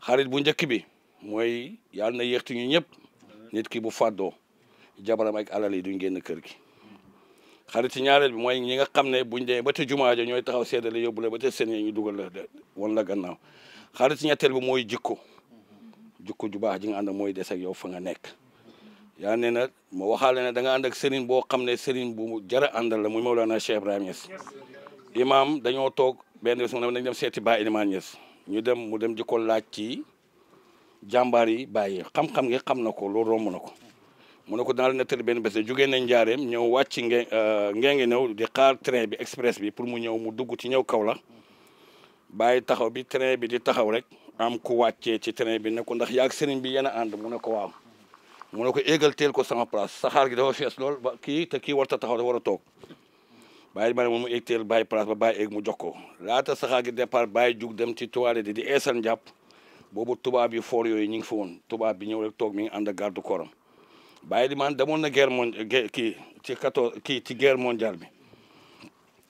xarit bu njëkk bi mooy yàlla na yéextu ñu ñëpp nit ki bu fàddoo jabaram ak alal yi duñ génn kër gi xarit ñaareel bi mooy ñi nga xam ne bu ñu dee ba te jumaa ja ñooy taxaw seedale yóbbu la ba te seen ñu dugal la wan la gannaaw xarit ci ñetteel bi mooy jikko jukko ju baax ji nga ànd mooy des yow fa nga nekk yaa ne na ma waxaale ne da nga ànd ak sëriñ boo xam ne sëriñ bu jara àndal la muy Mawlana Cheikh Ibrahima Niass imaam dañoo toog benn bés mu ne seeti Baye Ilimane Niass ñu dem mu dem di laaj ci jàmbaar yi bàyyi xam ngi xam na ko loolu romb na ko mu ne ko daal nettali benn bés jógee nañ njaareem ñëw wàcc nge euh, ngeengi ñëw di xaar train bi express bi pour mu ñëw mu dugg ci ñëw kaw la taxaw bi train bi di taxaw rek am ku wàccee ci train bi ne ndax yaag sëriñ bi yéen a ànd mu ne ko waam mu ne ko éegal teel ko sama place saxaar gi dafa fees lool ba kii te kii war ta taxaw dafa war a toog bàyyi ma ne moom mu éeg teel bàyyi place ba bàyyi éeg mu jox ko laata saxaar gi départ bàyyi jug dem ci toilette di eesal njàpp boobu tubaab yi foor yooyu ñu ngi fi woon tubaab bi ñëw rek toog mi ngi ànd ak garde corps bàyyi di man demoon na guerre mondiale kii ci 14 kii ci guerre mondiale bi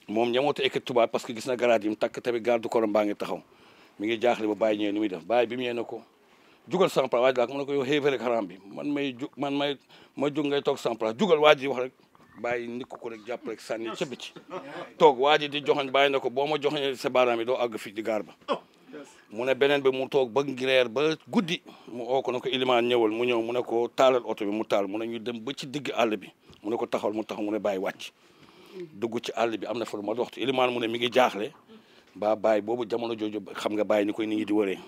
moom ñamoota équipe tubaab parce que gis na garaat yi mu takk tamit garde corps baa ngi taxaw mi ngi jaaxle bu bàyyi ñëwee nu muy def baay bi mu ñëwee ko jugal sans waaj waa ji laa ko mën na ko yow xëy rek xaraam bi man may ju man may ma jug ngay toog sans jugal waa ji wax rek bàyyi nit ko ko rek jàpp rek sànni ca biti toog waa ji di joxoñ bàyyi na ko boo ma joxoñee sa baaraam yi doo àgg fii di gaar ba mu ne beneen bi mu toog ba ngireer ba guddi mu oo ko na ko ilimaan ñëwal mu ñëw mu ne ko taalal oto bi mu taal mu ne ñu dem ba ci digg àll bi mu ne ko taxawal mu taxaw mu ne bàyyi wàcc dugg ci àll bi am na fa lu ma waxtu ilimaan mu ne mi ngi jaaxle ba baay boobu jamono jooju xam nga baay ni koy nit ngi di wëree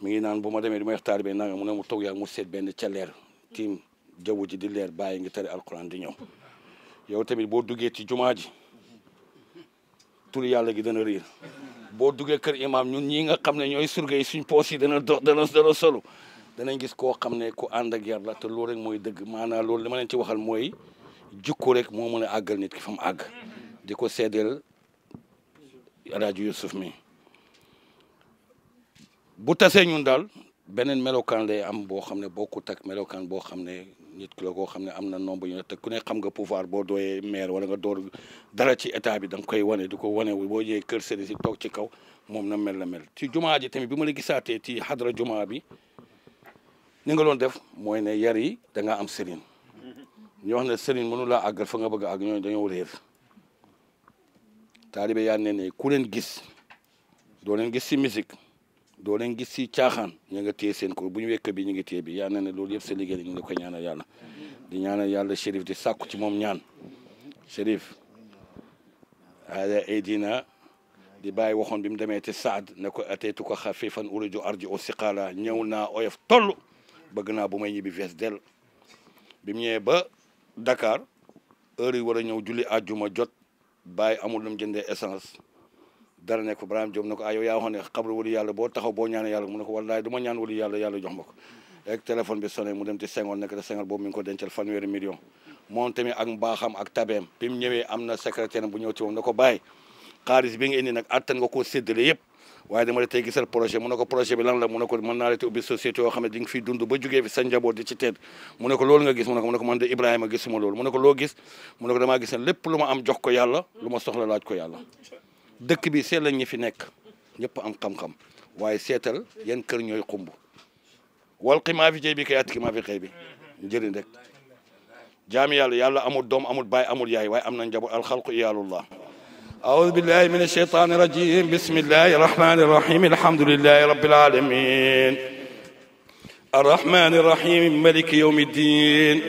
mu ngi naan bu ma demee di ma wax taalibe bi nanga mu ne mu toog yaa mu seet benn ca leer tiim jaww ji di leer bàyyi ngi tari alxuraan di ñëw yow tamit boo duggee ci jumaa ji tur yàlla gi dana riir boo duggee kër imaam ñun ñii nga xam ne ñooy surga yi suñ poos yi dana dox dana dana solo danañ gis koo xam ne ku ànd ak yar la te loolu rek mooy dëgg maanaam loolu li ma leen ci waxal mooy jikko rek moo mën a àggal nit ki fa mu àgg alaaji Yusuf mi bu tasee ñun daal beneen melokaan lay am boo xam ne boo bokkut tak melokaan boo xam ne nit ki la xam ne am na nombre ñu ne te ku ne xam nga pouvoir boo dooyee maire wala nga door dara ci état bi da nga koy wane di ko wane boo jëyee kër sëriñ si toog ci kaw moom na mel la mel. ci jumaa ji tamit bi ma la gisaatee ci xadra jumaa bi ni nga doon def mooy ne yar yi da am sëriñ ñu wax ne sëriñ mënu laa àggal fa nga bëgg a ñoo ñooñu dañoo réer. taalibe yaa ne ne ku leen gis doo leen gis si musique doo gis si caaxaan ñu nga téye seen ko bu ñu wekk bi ñu ngi téye bi yaa ne ne loolu yëpp sa liggéey la ñu ngi ko ñaana yàlla di ñaanal yàlla shérif di sàkku ci moom ñaan shérif hada aydina di bàyyi waxoon bi mu demee te saad ne ko ateytu ko xafifan uridu arji o siqala ñëw naa oyof toll bëgg naa bu may ñibbi fees dell bi mu ñëwee ba Dakar heure yi a ñëw julli àjjuma jot baay amul lu mu jëndee essence dara ne ko Ibrahima Diop ne ko ah yow yaa waxoon ne xabru wali yàlla boo taxaw boo ñaanee yàlla mu ne ko wallaay du ma ñaan wali yàlla yàlla jox ma ko rek téléphone bi sonné mu dem ci Senghor nekk te Senghor boobu mi ngi ko dencal fanweeri million moom ak mbaaxam ak tabeem bi mu ñëwee am na secrétaire bu ñëw ci moom ne ko baay xaalis bi nga indi nag attan nga koo séddale yëpp waye dama la tey gisal projet mu ne ko projet bi lan la mu ne ko mën naa la te ubi société yo xamne ne di nga fiy dund ba joge fi sa njaboot di ci tete mu ne ko loolu nga gis mu ne ko mu ne ko man de Ibrahima gisuma loolu mu ne ko loo gis mu ne ko damaa gis lépp luma am jox ko yàlla luma soxla laaj ko yàlla dëkk bi sel lañ ñi fi nek ñëpp am xam-xam waye setal yan keur ñoy xumbu wal qima fi jeebi bi kay at ki maa fi xeybi bi rek jami yàlla yàlla amul dom amul baay amul yaay waye amna njabo al khalqu iyalullah أعوذ بالله من الشيطان الرجيم بسم الله الرحمن الرحيم الحمد لله رب العالمين الرحمن الرحيم ملك يوم الدين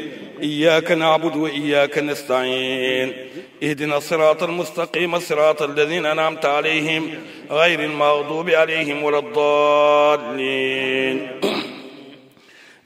إياك نعبد وإياك نستعين اهدنا الصراط المستقيم صراط الذين أنعمت عليهم غير المغضوب عليهم ولا الضالين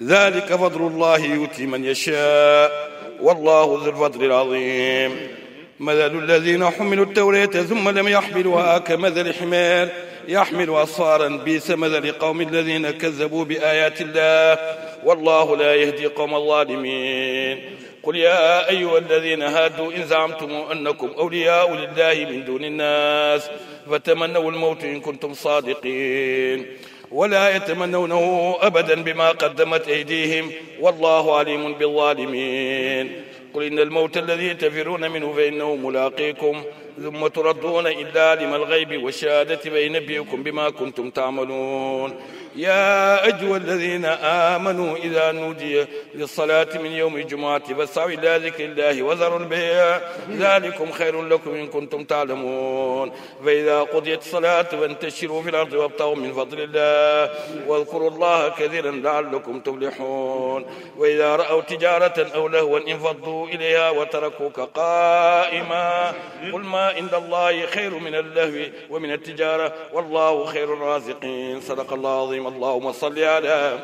ذلك فضل الله يؤتي من يشاء والله ذو الفضل العظيم مثل الذين حملوا التوراة ثم لم يحملوها كمثل حمار يحمل أصارا بئس مثل قوم الذين كذبوا بآيات الله والله لا يهدي قوم الظالمين قل يا أيها الذين هادوا إن زعمتم أنكم أولياء لله من دون الناس فتمنوا الموت إن كنتم صادقين ولا يتمنونه أبدا بما قدمت أيديهم والله عليم بالظالمين قل إن الموت الذي تفرون منه فإنه ملاقيكم ثم تردون إلا لما الغيب والشهادة نبيكم بما كنتم تعملون يا أجوى الذين آمنوا إذا نودي للصلاة من يوم الجمعة فاسعوا إلى ذكر الله وذروا البيع ذلكم خير لكم إن كنتم تعلمون فإذا قضيت الصلاة فانتشروا في الأرض وابتغوا من فضل الله واذكروا الله كثيرا لعلكم تفلحون وإذا رأوا تجارة أو لهوا انفضوا إليها وتركوك قائما قل ما عند الله خير من اللهو ومن التجارة والله خير الرازقين صدق الله العظيم العظيم اللهم صل على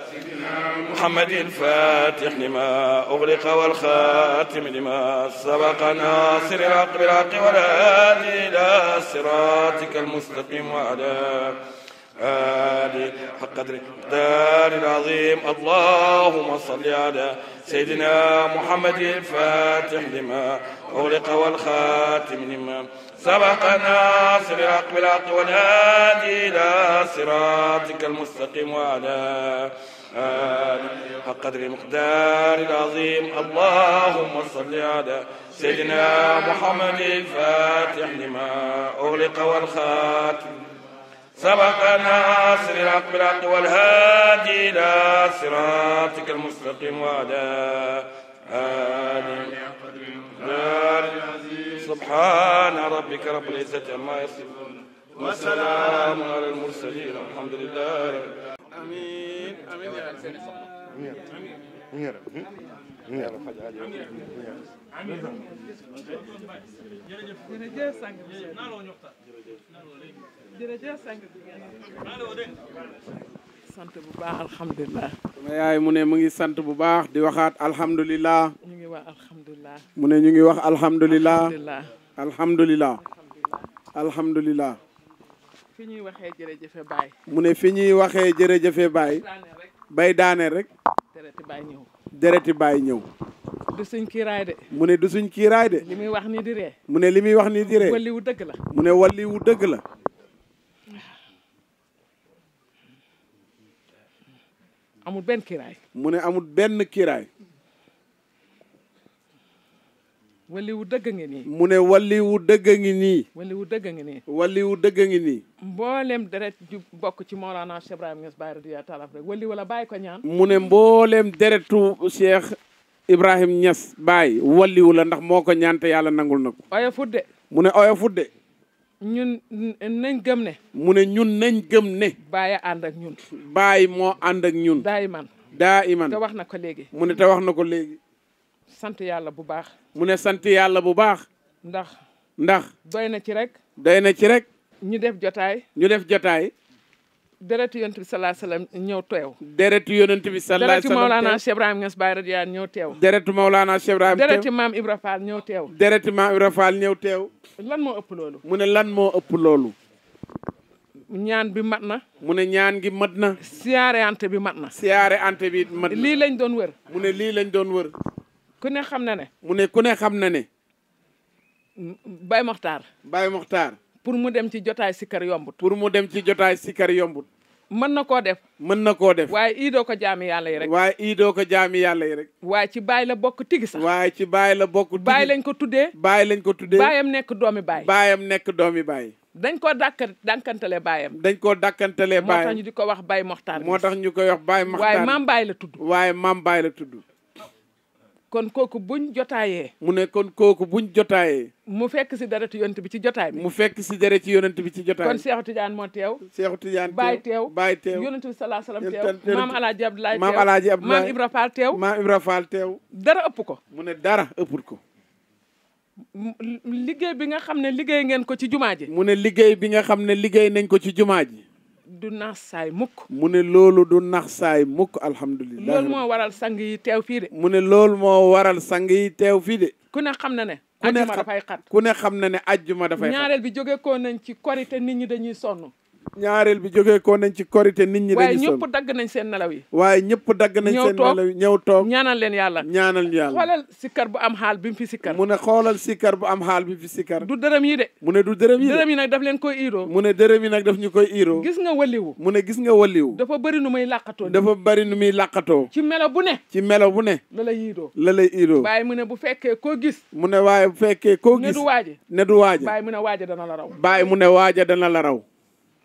محمد الفاتح لما أغلق والخاتم لما سبق ناصر العقب بالحق والهادي إلى صراطك المستقيم وعلى آلي حق قدره مقدار العظيم اللهم صل على سيدنا محمد الفاتح لما أغلق والخاتم لما سبق ناصر العقب العقب والهادي إلى صراطك المستقيم وعلى آلي حق قدر مقدار العظيم اللهم صل على سيدنا محمد الفاتح لما أغلق والخاتم سبقنا بالحق بالحق والهادي إلى صراطك المستقيم وعلى آله سبحان ربك رب العزة عما يصفون وسلام على المرسلين الحمد لله آمين آمين يا رب آمين آمين آمين sant bu baax alhamdulilah. mu ne mu ngi sant bu baax di waxaat alhamdulilah. ñu ngi wax alhamdulilah. mu ne ñu ngi wax alhamdulilah. alhamdulilah. alhamdulilah. fi ñuy waxe jërëjëfe baay. mu fi ñuy waxee jërëjëfe baay. bay daane rek. dereti bàyyi ñëw. du suñ kiiraay de. mu ne du suñ kiiraay de. li muy wax nii di ree. mu ne li muy wax nii di ree. walli dëgg la. mu ne walli dëgg la. amul benn kiiraay. mu ne amul benn kiiraay. waliwu dëgg ngi nii. mu ne waliwu dëgg ngi nii. waliwu dëgg ngi ni waliwu dëgg ngi nii. mboolem deret ju bokk ci Mawlana Cheikh Ibrahima Niass Baye radiyallahu taala wala bàyyi ko ñaan. mu ne mboolem deretu Cheikh Ibrahima Niass Baye waliwu la ndax moo ko ñaan te yàlla nangul na ko. oyo fudde. mu ne oyo fudde. ñun nañ gëm ne. mu ne ñun nañ gëm ne. Baye ànd ak ñun. Baye moo ànd ak ñun. daa iman daa iman. te wax na ko léegi. mu ne wax na ko léegi. sant yàlla bu baax. mu ne sant yàlla bu baax. ndax. ndax. doy na ci rek. doy na ci rek. ñu def jotaay. ñu def jotaay. deretu yonent bi salaa salaam ñëw teew. deretu yonent bi salaa salaam teew deretu Maulana Cheikh Ibrahim Niass Baye Radiya ñëw teew. deretu Maulana Cheikh Ibrahim teew deretu maam Ibra Fall teew. deretu maam Ibra Fall ñëw teew. lan moo ëpp loolu. mu ne lan moo ëpp loolu. ñaan bi mat na. mu ne ñaan gi mat na. siyaare ante bi mat na. siyaare ante bi mat na. lii lañ doon wër. mu ne lii lañ doon wër. ku ne xam na ne. mu ne ku ne xam na ne. Baye Mokhtar. Baye Mokhtar. pour mu dem ci jotaay sikar yombut. pour mu dem ci jotaay sikar yombut. mën na koo def. mën na koo def. waaye iidoo ko jaami yàlla yi rek. waaye iidoo ko jaami yàlla yi rek. waaye ci baay la bokk tigi sax. waaye ci baay la bokk. tigi baay lañ ko tuddee. baay lañ ko tuddee. baayam nekk doomi baay. baayam nekk doomi baay. dañ koo dàkka dàkkantalee baayam. dañ koo dàkkantalee baayam moo tax ñu di ko wax Baye Mokhtar. moo tax ñu koy wax Baye Mokhtar waaye maam baay la tudd. waaye maam baay la tudd. kon kooku buñ jotaaye mu ne kon kooku buñ jotaayee. mu fekk si deret yonent bi ci jotaay bi. mu fekk si deret yonent bi ci jotaay bi. kon Seexu Tijaan moo teew. Seexu Tijaan teew Baay teew Baay teew. yonent bi salaa salaam teew maam El Hadj Abdoulaye teew maam El Hadj Abdoulaye maam Ibra Fall teew. maam Ibra Fall teew. dara ëpp ko. mu ne dara ëppul ko. liggéey bi nga xam ne liggéey ngeen ko ci jumaa ji. mu ne liggéey bi nga xam ne liggéey nañ ko ci jumaa ji. du nax saay mukk mu ne loolu du nax saay mukk alhamdulilah loolu moo waral sang yi teew fii de mu ne loolu moo waral sang yi teew fii de ku ne xam na ne ajjuma dafay xat ku ne xam na ne ajjuma dafay xat ñaareel bi jóge ko nañ ci korite nit ñi dañuy sonn ñaareel bi jógee koo nañ ci korité nit ñi dañu ñëpp dagg nañ seen yi waaye ñëpp dagg nañ seen nelaw yi ñëw toog ñaanal leen yàlla ñaanal yàlla xoolal sikkar bu am xaal bi mu fi sikkar mu ne xoolal sikkar bu am xaal bi fi sikkar du dërëm yi de mu ne du dërëm yi yi nag daf leen koy iiroo mu ne dërëm yi nag daf ñu koy iiroo gis nga walliwu mu ne gis nga waliwu dafa bëri nu muy làqatoo dafa bëri nu muy làqatoo ci melaw bu ne ci melaw bu ne la lay iiroo la lay iiroo waaye mu ne bu fekkee koo gis mu ne waaye bu fekkee koo gis ne du waaje ne du waaje bàyyi mu ne waaje dana la raw bàyyi mu ne waaje dana la raw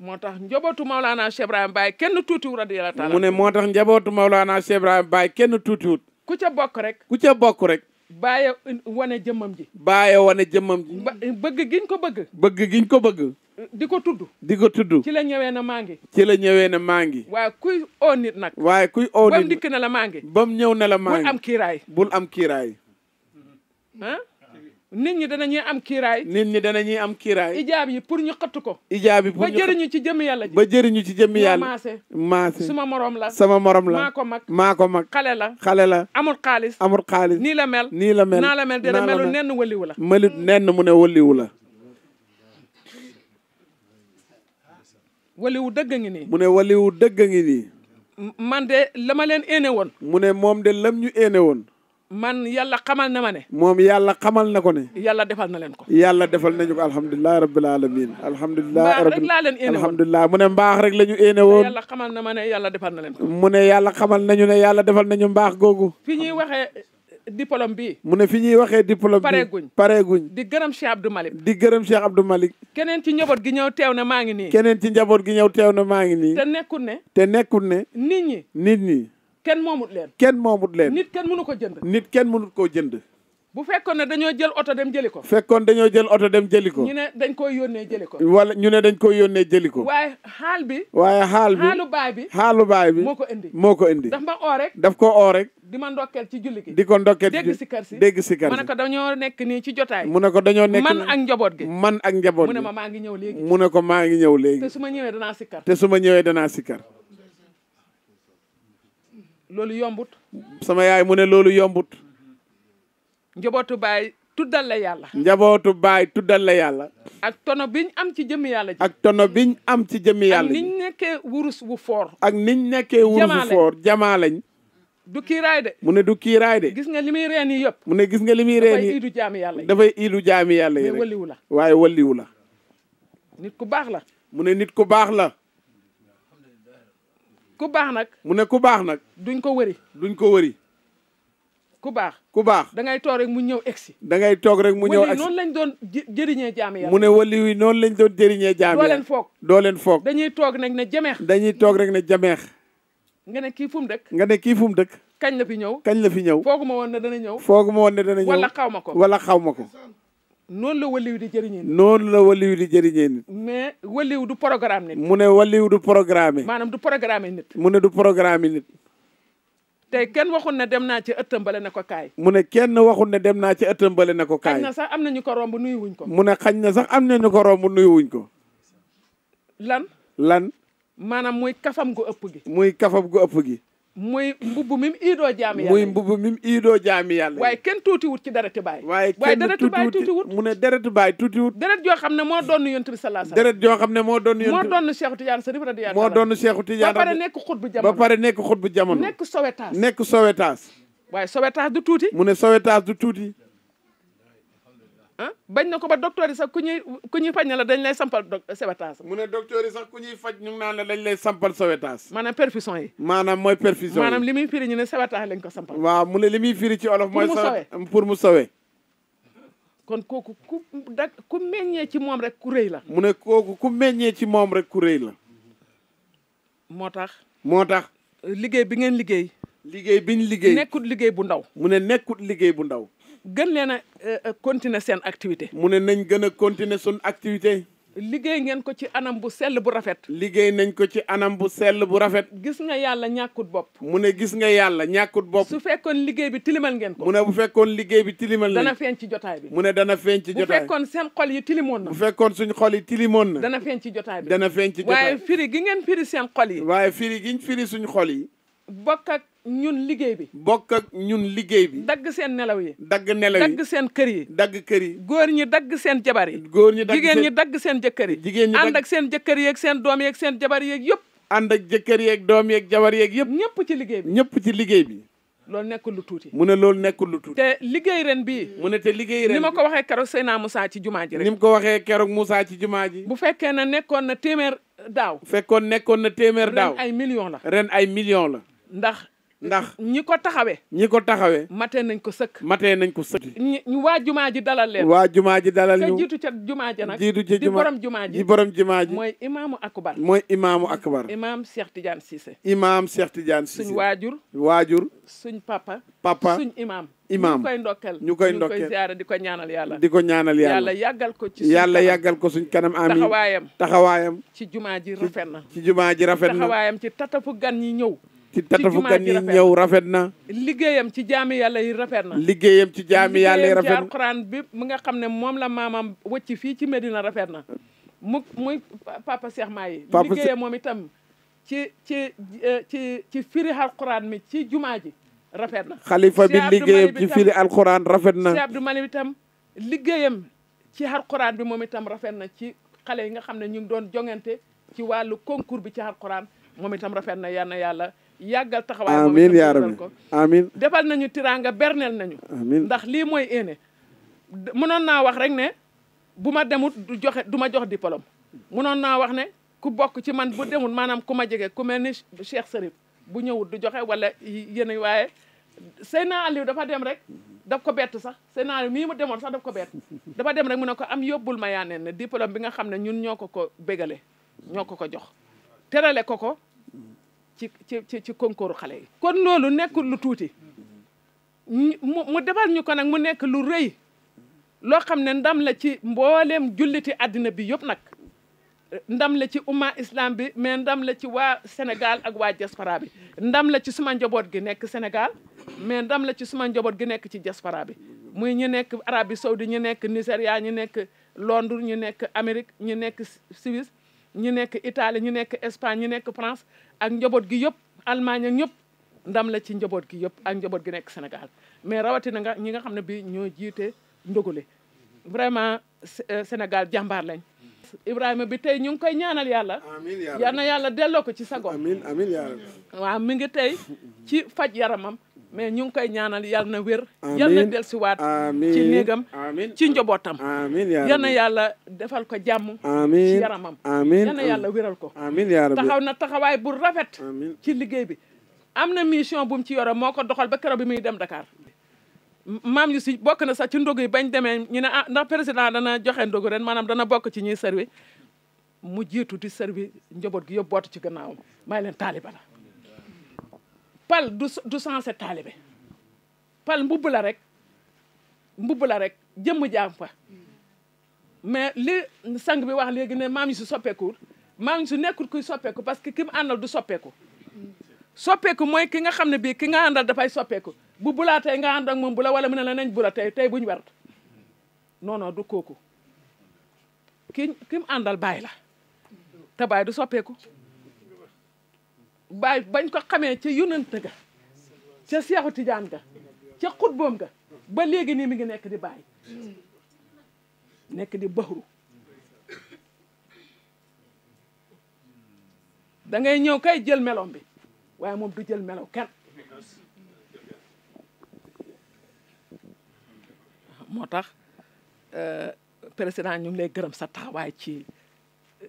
moo tax njabootu Maulana Cheikh Ibrahima Baye kenn tuutiwut radiyallahu taala. mu ne moo tax njabootu Maulana Cheikh Ibrahima kenn tuutiwut. ku ca bokk rek. ku ca bokk rek. baaye wane jëmmam ji. baaye wane jëmmam bëgg giñ ko bëgg. bëgg giñ ko bëgg. di ko tudd. di ko tudd. ci la ñëwee na maa ci la ñëwee na maa ngi. waaye kuy oo nit nag. waaye kuy oo nit bam dikk na la maa ngi. bam ñëw na la maa ngi bul am kiiraay. bul am kiiraay. ah. nit ñi dana ñuy am kiiraay. nit ñi dana ñuy am kiiraay. ijaab yi pour ñu xëttu ko. ijaab yi ba jëriñu ci jëm yàlla ba jëriñu ci jëmm yàlla maase. maase suma la. sama morom la maa ko mag. maa ko mag xale la. xale la amul xaalis. amul nii la mel. nii la mel naa la mel dina melu nenn wëliwu la. melut nenn mu ne wëliwu la. wëliwu dëgg mu ne wëliwu dëgg man de la ma leen éene woon. mu ne moom de lam ñu éene woon. man yàlla xamal na ma ne. moom yàlla xamal na ko ne. yàlla defal na leen ko. yàlla defal nañu ko alhamdulilah rabbil alamin alhamdulilah mbaax rek leen éene woon mu ne mbaax rek la ñu éene woon. yàlla xamal na ma ne yàlla defal na leen ko. ne yàlla xamal nañu ne yàlla defal nañu mbaax googu. fi ñuy waxee. diplôme bi mu ne fi ñuy waxee diplôme bi pareeguñ pareeguñ di gërëm Cheikh Abdou di gërëm Cheikh Abdou Malick keneen ci njaboot gi ñëw teew na maa ngi nii keneen ci njaboot gi ñëw teew na maa ngi nii te nekkul ne te nekkul ne nit ñi nit ñi kenn moomut leen kenn moomut leen nit kenn mënu ko jënd nit kenn mënut koo jënd bu fekkoon ne dañoo jël oto dem jëli ko fekkoon dañoo jël oto dem jëli ko ñu ne dañ koy yónnee jëli ko wala ñu ne dañ koy yónnee ko waaye xaal bi waaye xaal bi xaalu baay bi xaalu baay bi moo ko indi moo ko indi daf ma oo daf ko oo rek di ma ndokkeel ci julli gi di ko ndokkeel dégg si kër si dégg si kër si ko dañoo nekk nii ci jotaay mu ne ko dañoo nekk man ak njaboot gi man ak njaboot gi mu ne maa ngi ñëw léegi mu ne ko maa ngi ñëw léegi te su ma ñëwee dana si kar te su ma ñëwee danaa si kar loolu yombut. sama yaay mu ne loolu yombut. njabootu baay tuddal la yàlla. njabootu baay tuddal la yàlla. ak tono biñ am ci jëmmi yàlla ji. ak tono biñ am ci jëmmi yàlla ji. ak niñ nekkee wurus wu foor. ak niñ nekkee wurus wu foor jamaa lañ. du kiiraay de. mu ne du kiiraay de. gis nga li muy reen yëpp. mu ne gis nga li muy reen yi dafay iidu jaami yàlla yi. dafay iidu jaami yàlla yi rek. waaye walliwu la. nit ku baax la. mu ne nit ku baax la. ku baax nag. mu ne ku baax nag. duñ ko wëri. duñ ko wëri. ku baax. ku baax da ngay toog rek mu ñëw egsi. da ngay toog rek mu ñëw egsi noonu lañ doon jëriñee jaam yàlla. mu ne wali wi noonu lañ doon jëriñee jaam yàlla. doo leen foog doo foog. dañuy toog nag ne jameex. dañuy toog rek ne jameex. nga ne kii fu mu dëkk. nga ne kii fu mu dëkk. kañ la fi ñëw kañ la fi ñëw. foogu ma woon ne dana ñëw. foogu ma woon ne dana ñëw wala xaw ma ko wala xaw ma ko. noonu la waliw di jëriñee nit. noonu la waliw di jëriñee nit. mais waliw du programme nit. mu ne waliw du programme. maanaam du programme nit. mu ne du programme nit. tey kenn waxul ne dem naa ci ëttam bale na ko kaay. mu ne kenn waxul ne dem naa ci ëttam bale na ko kaay. xañ na sax am na ñu ko romb nuyu wuñ ko. mu ne xañ na sax am na ñu ko romb nuyu wuñ ko. lan. lan. maanaam muy kafam gu ëpp gi. muy kafam gu ëpp gi. muy mbubb mim iidoo jaami yàlla muy mbubb mim iidoo jaami yàlla waaye kenn tuutiwut ci dereti baay waaye waaye dereti baay tuutiwut mu ne dereti baay tuutiwut deret joo xam ne moo doon yonent bi salaa salaam deret joo xam ne moo doon yonent moo doon Cheikh Tidiane Sarif radiyallahu moo doon Cheikh Tidiane ba pare nekk xutbu jamono ba pare nekk xutbu jamono nekk sowetaas nekk sowetaas waaye sowetaas du tuuti mu ne sowetaas du tuuti ah bañ na ko ba docteur sax ku ñuy ku ñuy faj ne la dañ lay sampal sewetaas mu ne docteur yi sax ku ñuy faj ñu naa la dañ lay sampal sewetaas maanaam perfusion yi maanaam mooy perfusion maanaam li muy firi ñu ne sewetaas lañ ko sampal waaw mu ne li muy firi ci olof mooy sawe pour mu sawe kon kooku ku da meññee ci moom rek ku la mu ne kooku ku meññee ci moom rek ku rëy la moo tax moo tax liggéey bi ngeen liggéey liggéey biñ liggéey nekkut liggéey bu ndaw mu ne nekkut liggéey bu ndaw gën leen a euh, euh, continuer seen activité. mu ne nañ gën a continuer suñ activité. liggéey ngeen ko ci anam bu sell bu rafet. liggéey nañ ko ci anam bu sell bu rafet. gis nga yàlla ñàkkut bopp. mu ne gis nga yàlla ñàkkut bopp. su fekkoon liggéey bi tilimal ngeen ko. mu ne bu fekkoon liggéey bi tilimal ngeen. dana feeñ ci jotaay bi. mu ne dana feeñ ci jotaay seen xol yi tilimoon fekkoon suñ xol yi tilimoon na. dana feeñ ci jotaay bi dana feeñ ci jotaay bi. waaye firi gi ngeen firi seen xol yi. waaye firi i ñu firi suñ xol yi. ñun liggéey bi. bokk ak ñun liggéey bi. dagg seen nelaw yi. dagg nelaw yi dagg seen kër yi. dagg kër yi. góor ñi dagg seen jabar yi. góor ñi dagg seen jigéen ñi dagg seen jëkkër yi. jigéen ñi ànd ak seen jëkkër yeeg seen doom yeeg seen jabar yeeg yëpp. ànd ak jëkkër yeeg doom yeeg jabar yeeg yëpp. ñëpp ci liggéey bi ñëpp ci liggéey bi. loolu nekkul lu tuuti mu ne loolu nekkul lu tuuti te liggéey ren bii mu ne te liggéey ren ni ma ko waxee keroog Seyna Moussa ci jumaa ji rek ni ma ko waxee keroog Moussa ci jumaa ji bu fekkee ne nekkoon na téeméer daaw fekkoon nekkoon na téeméer daaw ren ay million la ren ay million la ndax ndax ñi ko taxawee ñi ko taxawee matee nañ ko sëkk matee nañ ko sëkk waa jumaa ji dalal leen waa jumaa ji dalal ñu jiitu ca jumaa ji nag jiitu ca jumaa borom jumaa ji borom jumaa ji mooy imaamu akbar mooy imaamu akbar imaam Cheikh Tidiane Cissé imaam Cheikh Tidiane Cissé suñ waajur waajur suñ papa papa suñ imaam imaam ñu koy ndokkeel ñu koy ndokkeel ziyaara di ko ñaanal yàlla di ko ñaanal yàlla yàlla yàggal ko ci yàlla yàggal ko suñ kanam amiin taxawaayam taxawaayam ci jumaa ji rafet na ci jumaa ji rafet na taxawaayam ci tata tatafu gan ñi ñëw ci tatafu gan yi ñëw rafet na liggéeyam ci jaami yàlla yi rafet na liggéeyam ci jaami yàlla yi rafet na alxuraan mu nga xam ne moom la maamam wëcc fii ci Medina rafet na mu muy papa Cheikh Maye liggéeyam moom itam ci ci eh, ci ci firi alxuraan mi ci jumaa ji rafet na xalifa bi liggéeyam ci rafet na Cheikh Abdou Mali itam liggéeyam ci alxuraan bi moom itam rafet na ci xale yi nga xam ne ñu ngi doon jongante ci wàllu concours bi ci alxuraan moom itam rafet na yal na yàlla yàggal taxawaay amiin yaa rabbi amiin defal nañu tiraanga berneel nañu amiin ndax lii mooy éene mënoon naa wax rek ne bu ma demut du joxe du ma jox diplôme mënoon naa wax ne ku bokk ci man bu demul maanaam ku ma jege ku mel ni Cheikh Serif bu ñëwut du joxe wala yéen waaye Seyna Aliou dafa dem rek daf ko bett sax Seyna Aliou mii mu demoon sax daf ko bett dafa dem rek mu ne ko am yóbbul ma yaaneen ne diplôme bi nga xam ne ñun ñoo ko ko bégale ñoo ko ko jox terale ko ko ci ci ci concours xale yi. kon loolu nekkul lu tuuti mu mu defal ñu ko nag mu nekk lu rëy loo xam ne ndam la ci mbooleem julliti àddina bi yëpp nag ndam la ci umma islam bi mais ndam la ci waa Sénégal ak waa diaspora bi ndam la ci suma njaboot gi nekk Sénégal mais ndam la ci suma njaboot gi nekk ci diaspora bi muy ñu nekk Arabie Saoudi ñu nekk Nigéria ñu nekk Londres ñu nekk Amérique ñu nekk siwis ñu nekk Italie ñu nekk Espagne ñu nekk France ak njaboot gi yëpp Allemagne ak ñëpp ndam la ci njaboot gi yëpp ak njaboot gi nekk Sénégal mais rawatina nga ñi nga xam ne bii ñoo jiite ndogale vraiment euh, Sénégal jàmbaar lañ. Ibrahima bi tey ñu ngi koy ñaanal yàlla. amiin yàlla delloo ko ci sago. amiin amiin mi ngi tey ci faj yaramam. mais ñu ngi koy ñaanal yàlla na wér. yal na del dellusiwaat. ci néegam ci njobootam. yàlla na yàlla defal ko jàmm. ci yaramam. yàlla na yàlla wéral ko. taxaw na taxawaay bu rafet. ci liggéey bi. am na mission bu mu ci yore moo ko doxal ba keroog bi muy dem Dakar. maam yu si bokk na sax ci ndogu yi bañ demee ñu ne ah ndax président dana joxe ndogu ren maanaam dana bokk ci ñuy servi mu jiitu di servi njoboot gi yëpp bootu ci gannaawam may leen taalibala pal du du sensé taalibe pal mbubb la rek mbubb la rek jëmm jaam fa mais li sang bi wax léegi ne maam yi su soppeeku maam yi su nekkul kuy soppeeku parce que ki mu àndal du soppeeku soppeeku mooy ki nga xam ne bii ki nga àndal dafay soppeeku bu bulaa tey nga ànd ak moom bu la wala mu ne la nañ bula tey tey buñ war non non du kooku ki ki mu àndal baay la te bàyyi du soppeeku baay bañ ko xamee ci yonant ga ca seexu tijaan ga ca xutboom ga ba léegi nii mi ngi nekk di bàyyi nekk di baxru da ngay ñëw kay jël meloom bi waaye moom du jël melow kenn moo tax euh, président ñu ngi lay gërëm sa taxawaay ci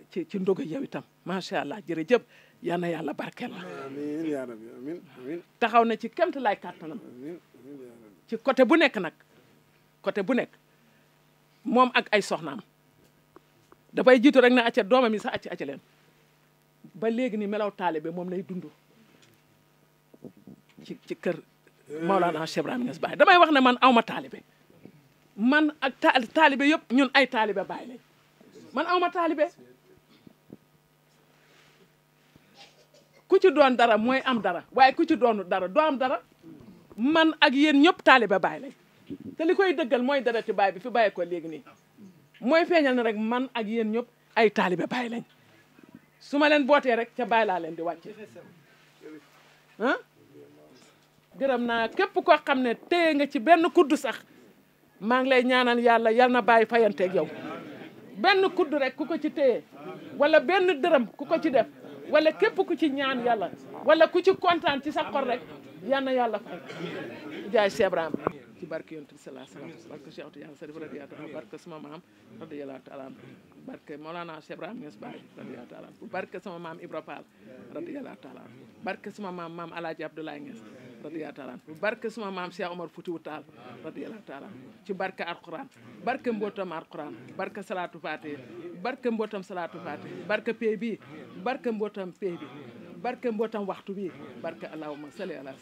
ci ci ndogu yow itam macha allah jërëjëf yal na yàlla barkeel la taxaw na ci kemt lay kàttanam ci côté bu nekk nag côté bu nekk moom ak ay soxnaam dafay jiitu rek ne acca doomam yi sax acca acca leen ba léegi ni melaw taalibe moom lay dund ci ci kër Maolana Cheikh Ibrahima Niass Baye damay wax ne man awma taalibe man ak taalibe yëpp ñun ay taalibe Baye lañ man awma taalibe ku ci doon dara mooy am dara waaye ku ci doonu dara doo am dara man ak yéen ñëpp taaliba baay lañ te li koy dëggal mooy dara dereti baay bi fi bàyyi ko léegi nii mooy feeñal ne rek man ak yéen ñëpp ay taalibe baay lañ su ma leen bootee rek ca baay laa leen di wàcce ah gërëm naa képp koo xam ne téye nga ci benn kudd sax maa ngi lay ñaanal yàlla yal na bàyyi fayanteeg yow benn kudd rek ku ko ci téye wala benn dërëm ku ko ci def wala képp ku ci ñaan yàlla wala ku ci kontaan ci sa xol rek yal na yàlla fay jaay Cheikh ci barke yonent bi salaa salaam barke Cheikh Tidiane Sarif radiyallahu taala barke sama maam radiyallahu taala barke Mawlana Cheikh Ibrahim Niass Baye radiyallahu taala barke sama maam Ibra Fall radiyallahu taala barke sama maam maam Alaaji Abdoulaye Niass radiyallahu taala barke sama maam Cheikh Omar Foutiou Tall radiyallahu taala ci barke Alquran barke mbootam Alquran barke Salatu Fatih barke mbootam Salatu Fatih barke pay bi barke mbootam pay bi barke mbootam waxtu bi barke allahumma salli ala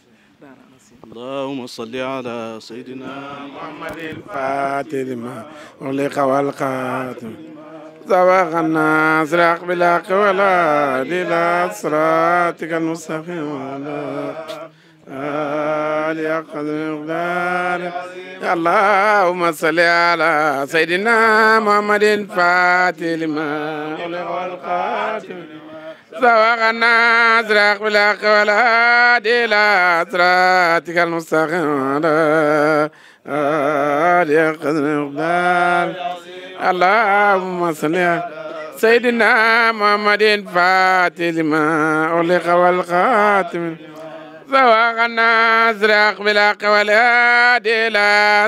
اللهم صل على سيدنا محمد الفاتح لما والقاتم سبق الناس راق بلا قولا إلى صراطك المستقيم على آل قدر مقدار اللهم صل على سيدنا محمد الفاتح لما والقاتم زواغ الناس راق بالحق والهادي إلى صراطك المستقيم يا قدر مقدار اللهم صل على سيدنا محمد فاتح لما أغلق والخاتم زواغ الناس راق بالحق والهادي إلى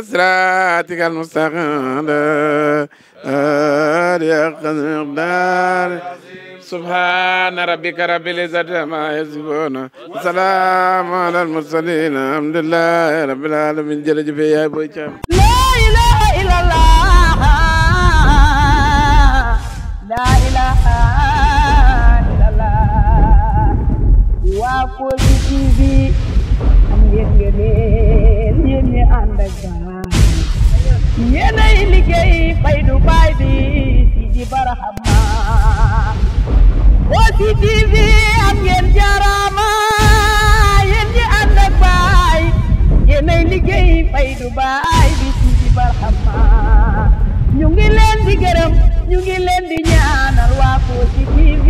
صراطك المستقيم يا قدر مقدار subhaana rabbika rabbil izzati ammaa yasifuun salaamun alal mursaliin alhamdulillaahi rabbil aalamiin jërëjëf yaay booy caam laa ilaaha illallaah laa ilaaha illallaah waa Kossy TV am ngeen ngeen yéen ñi ànd ak baax yéenay liggéey faydu baay bi ci di baraham Mourchid TV am ngeen jaaraama yéen ñi ànd ak baay yéenay liggéey fay du baay bi ci barxama ñu ngi leen di gërëm ñu ngi leen di ñaanal waa Kossy TV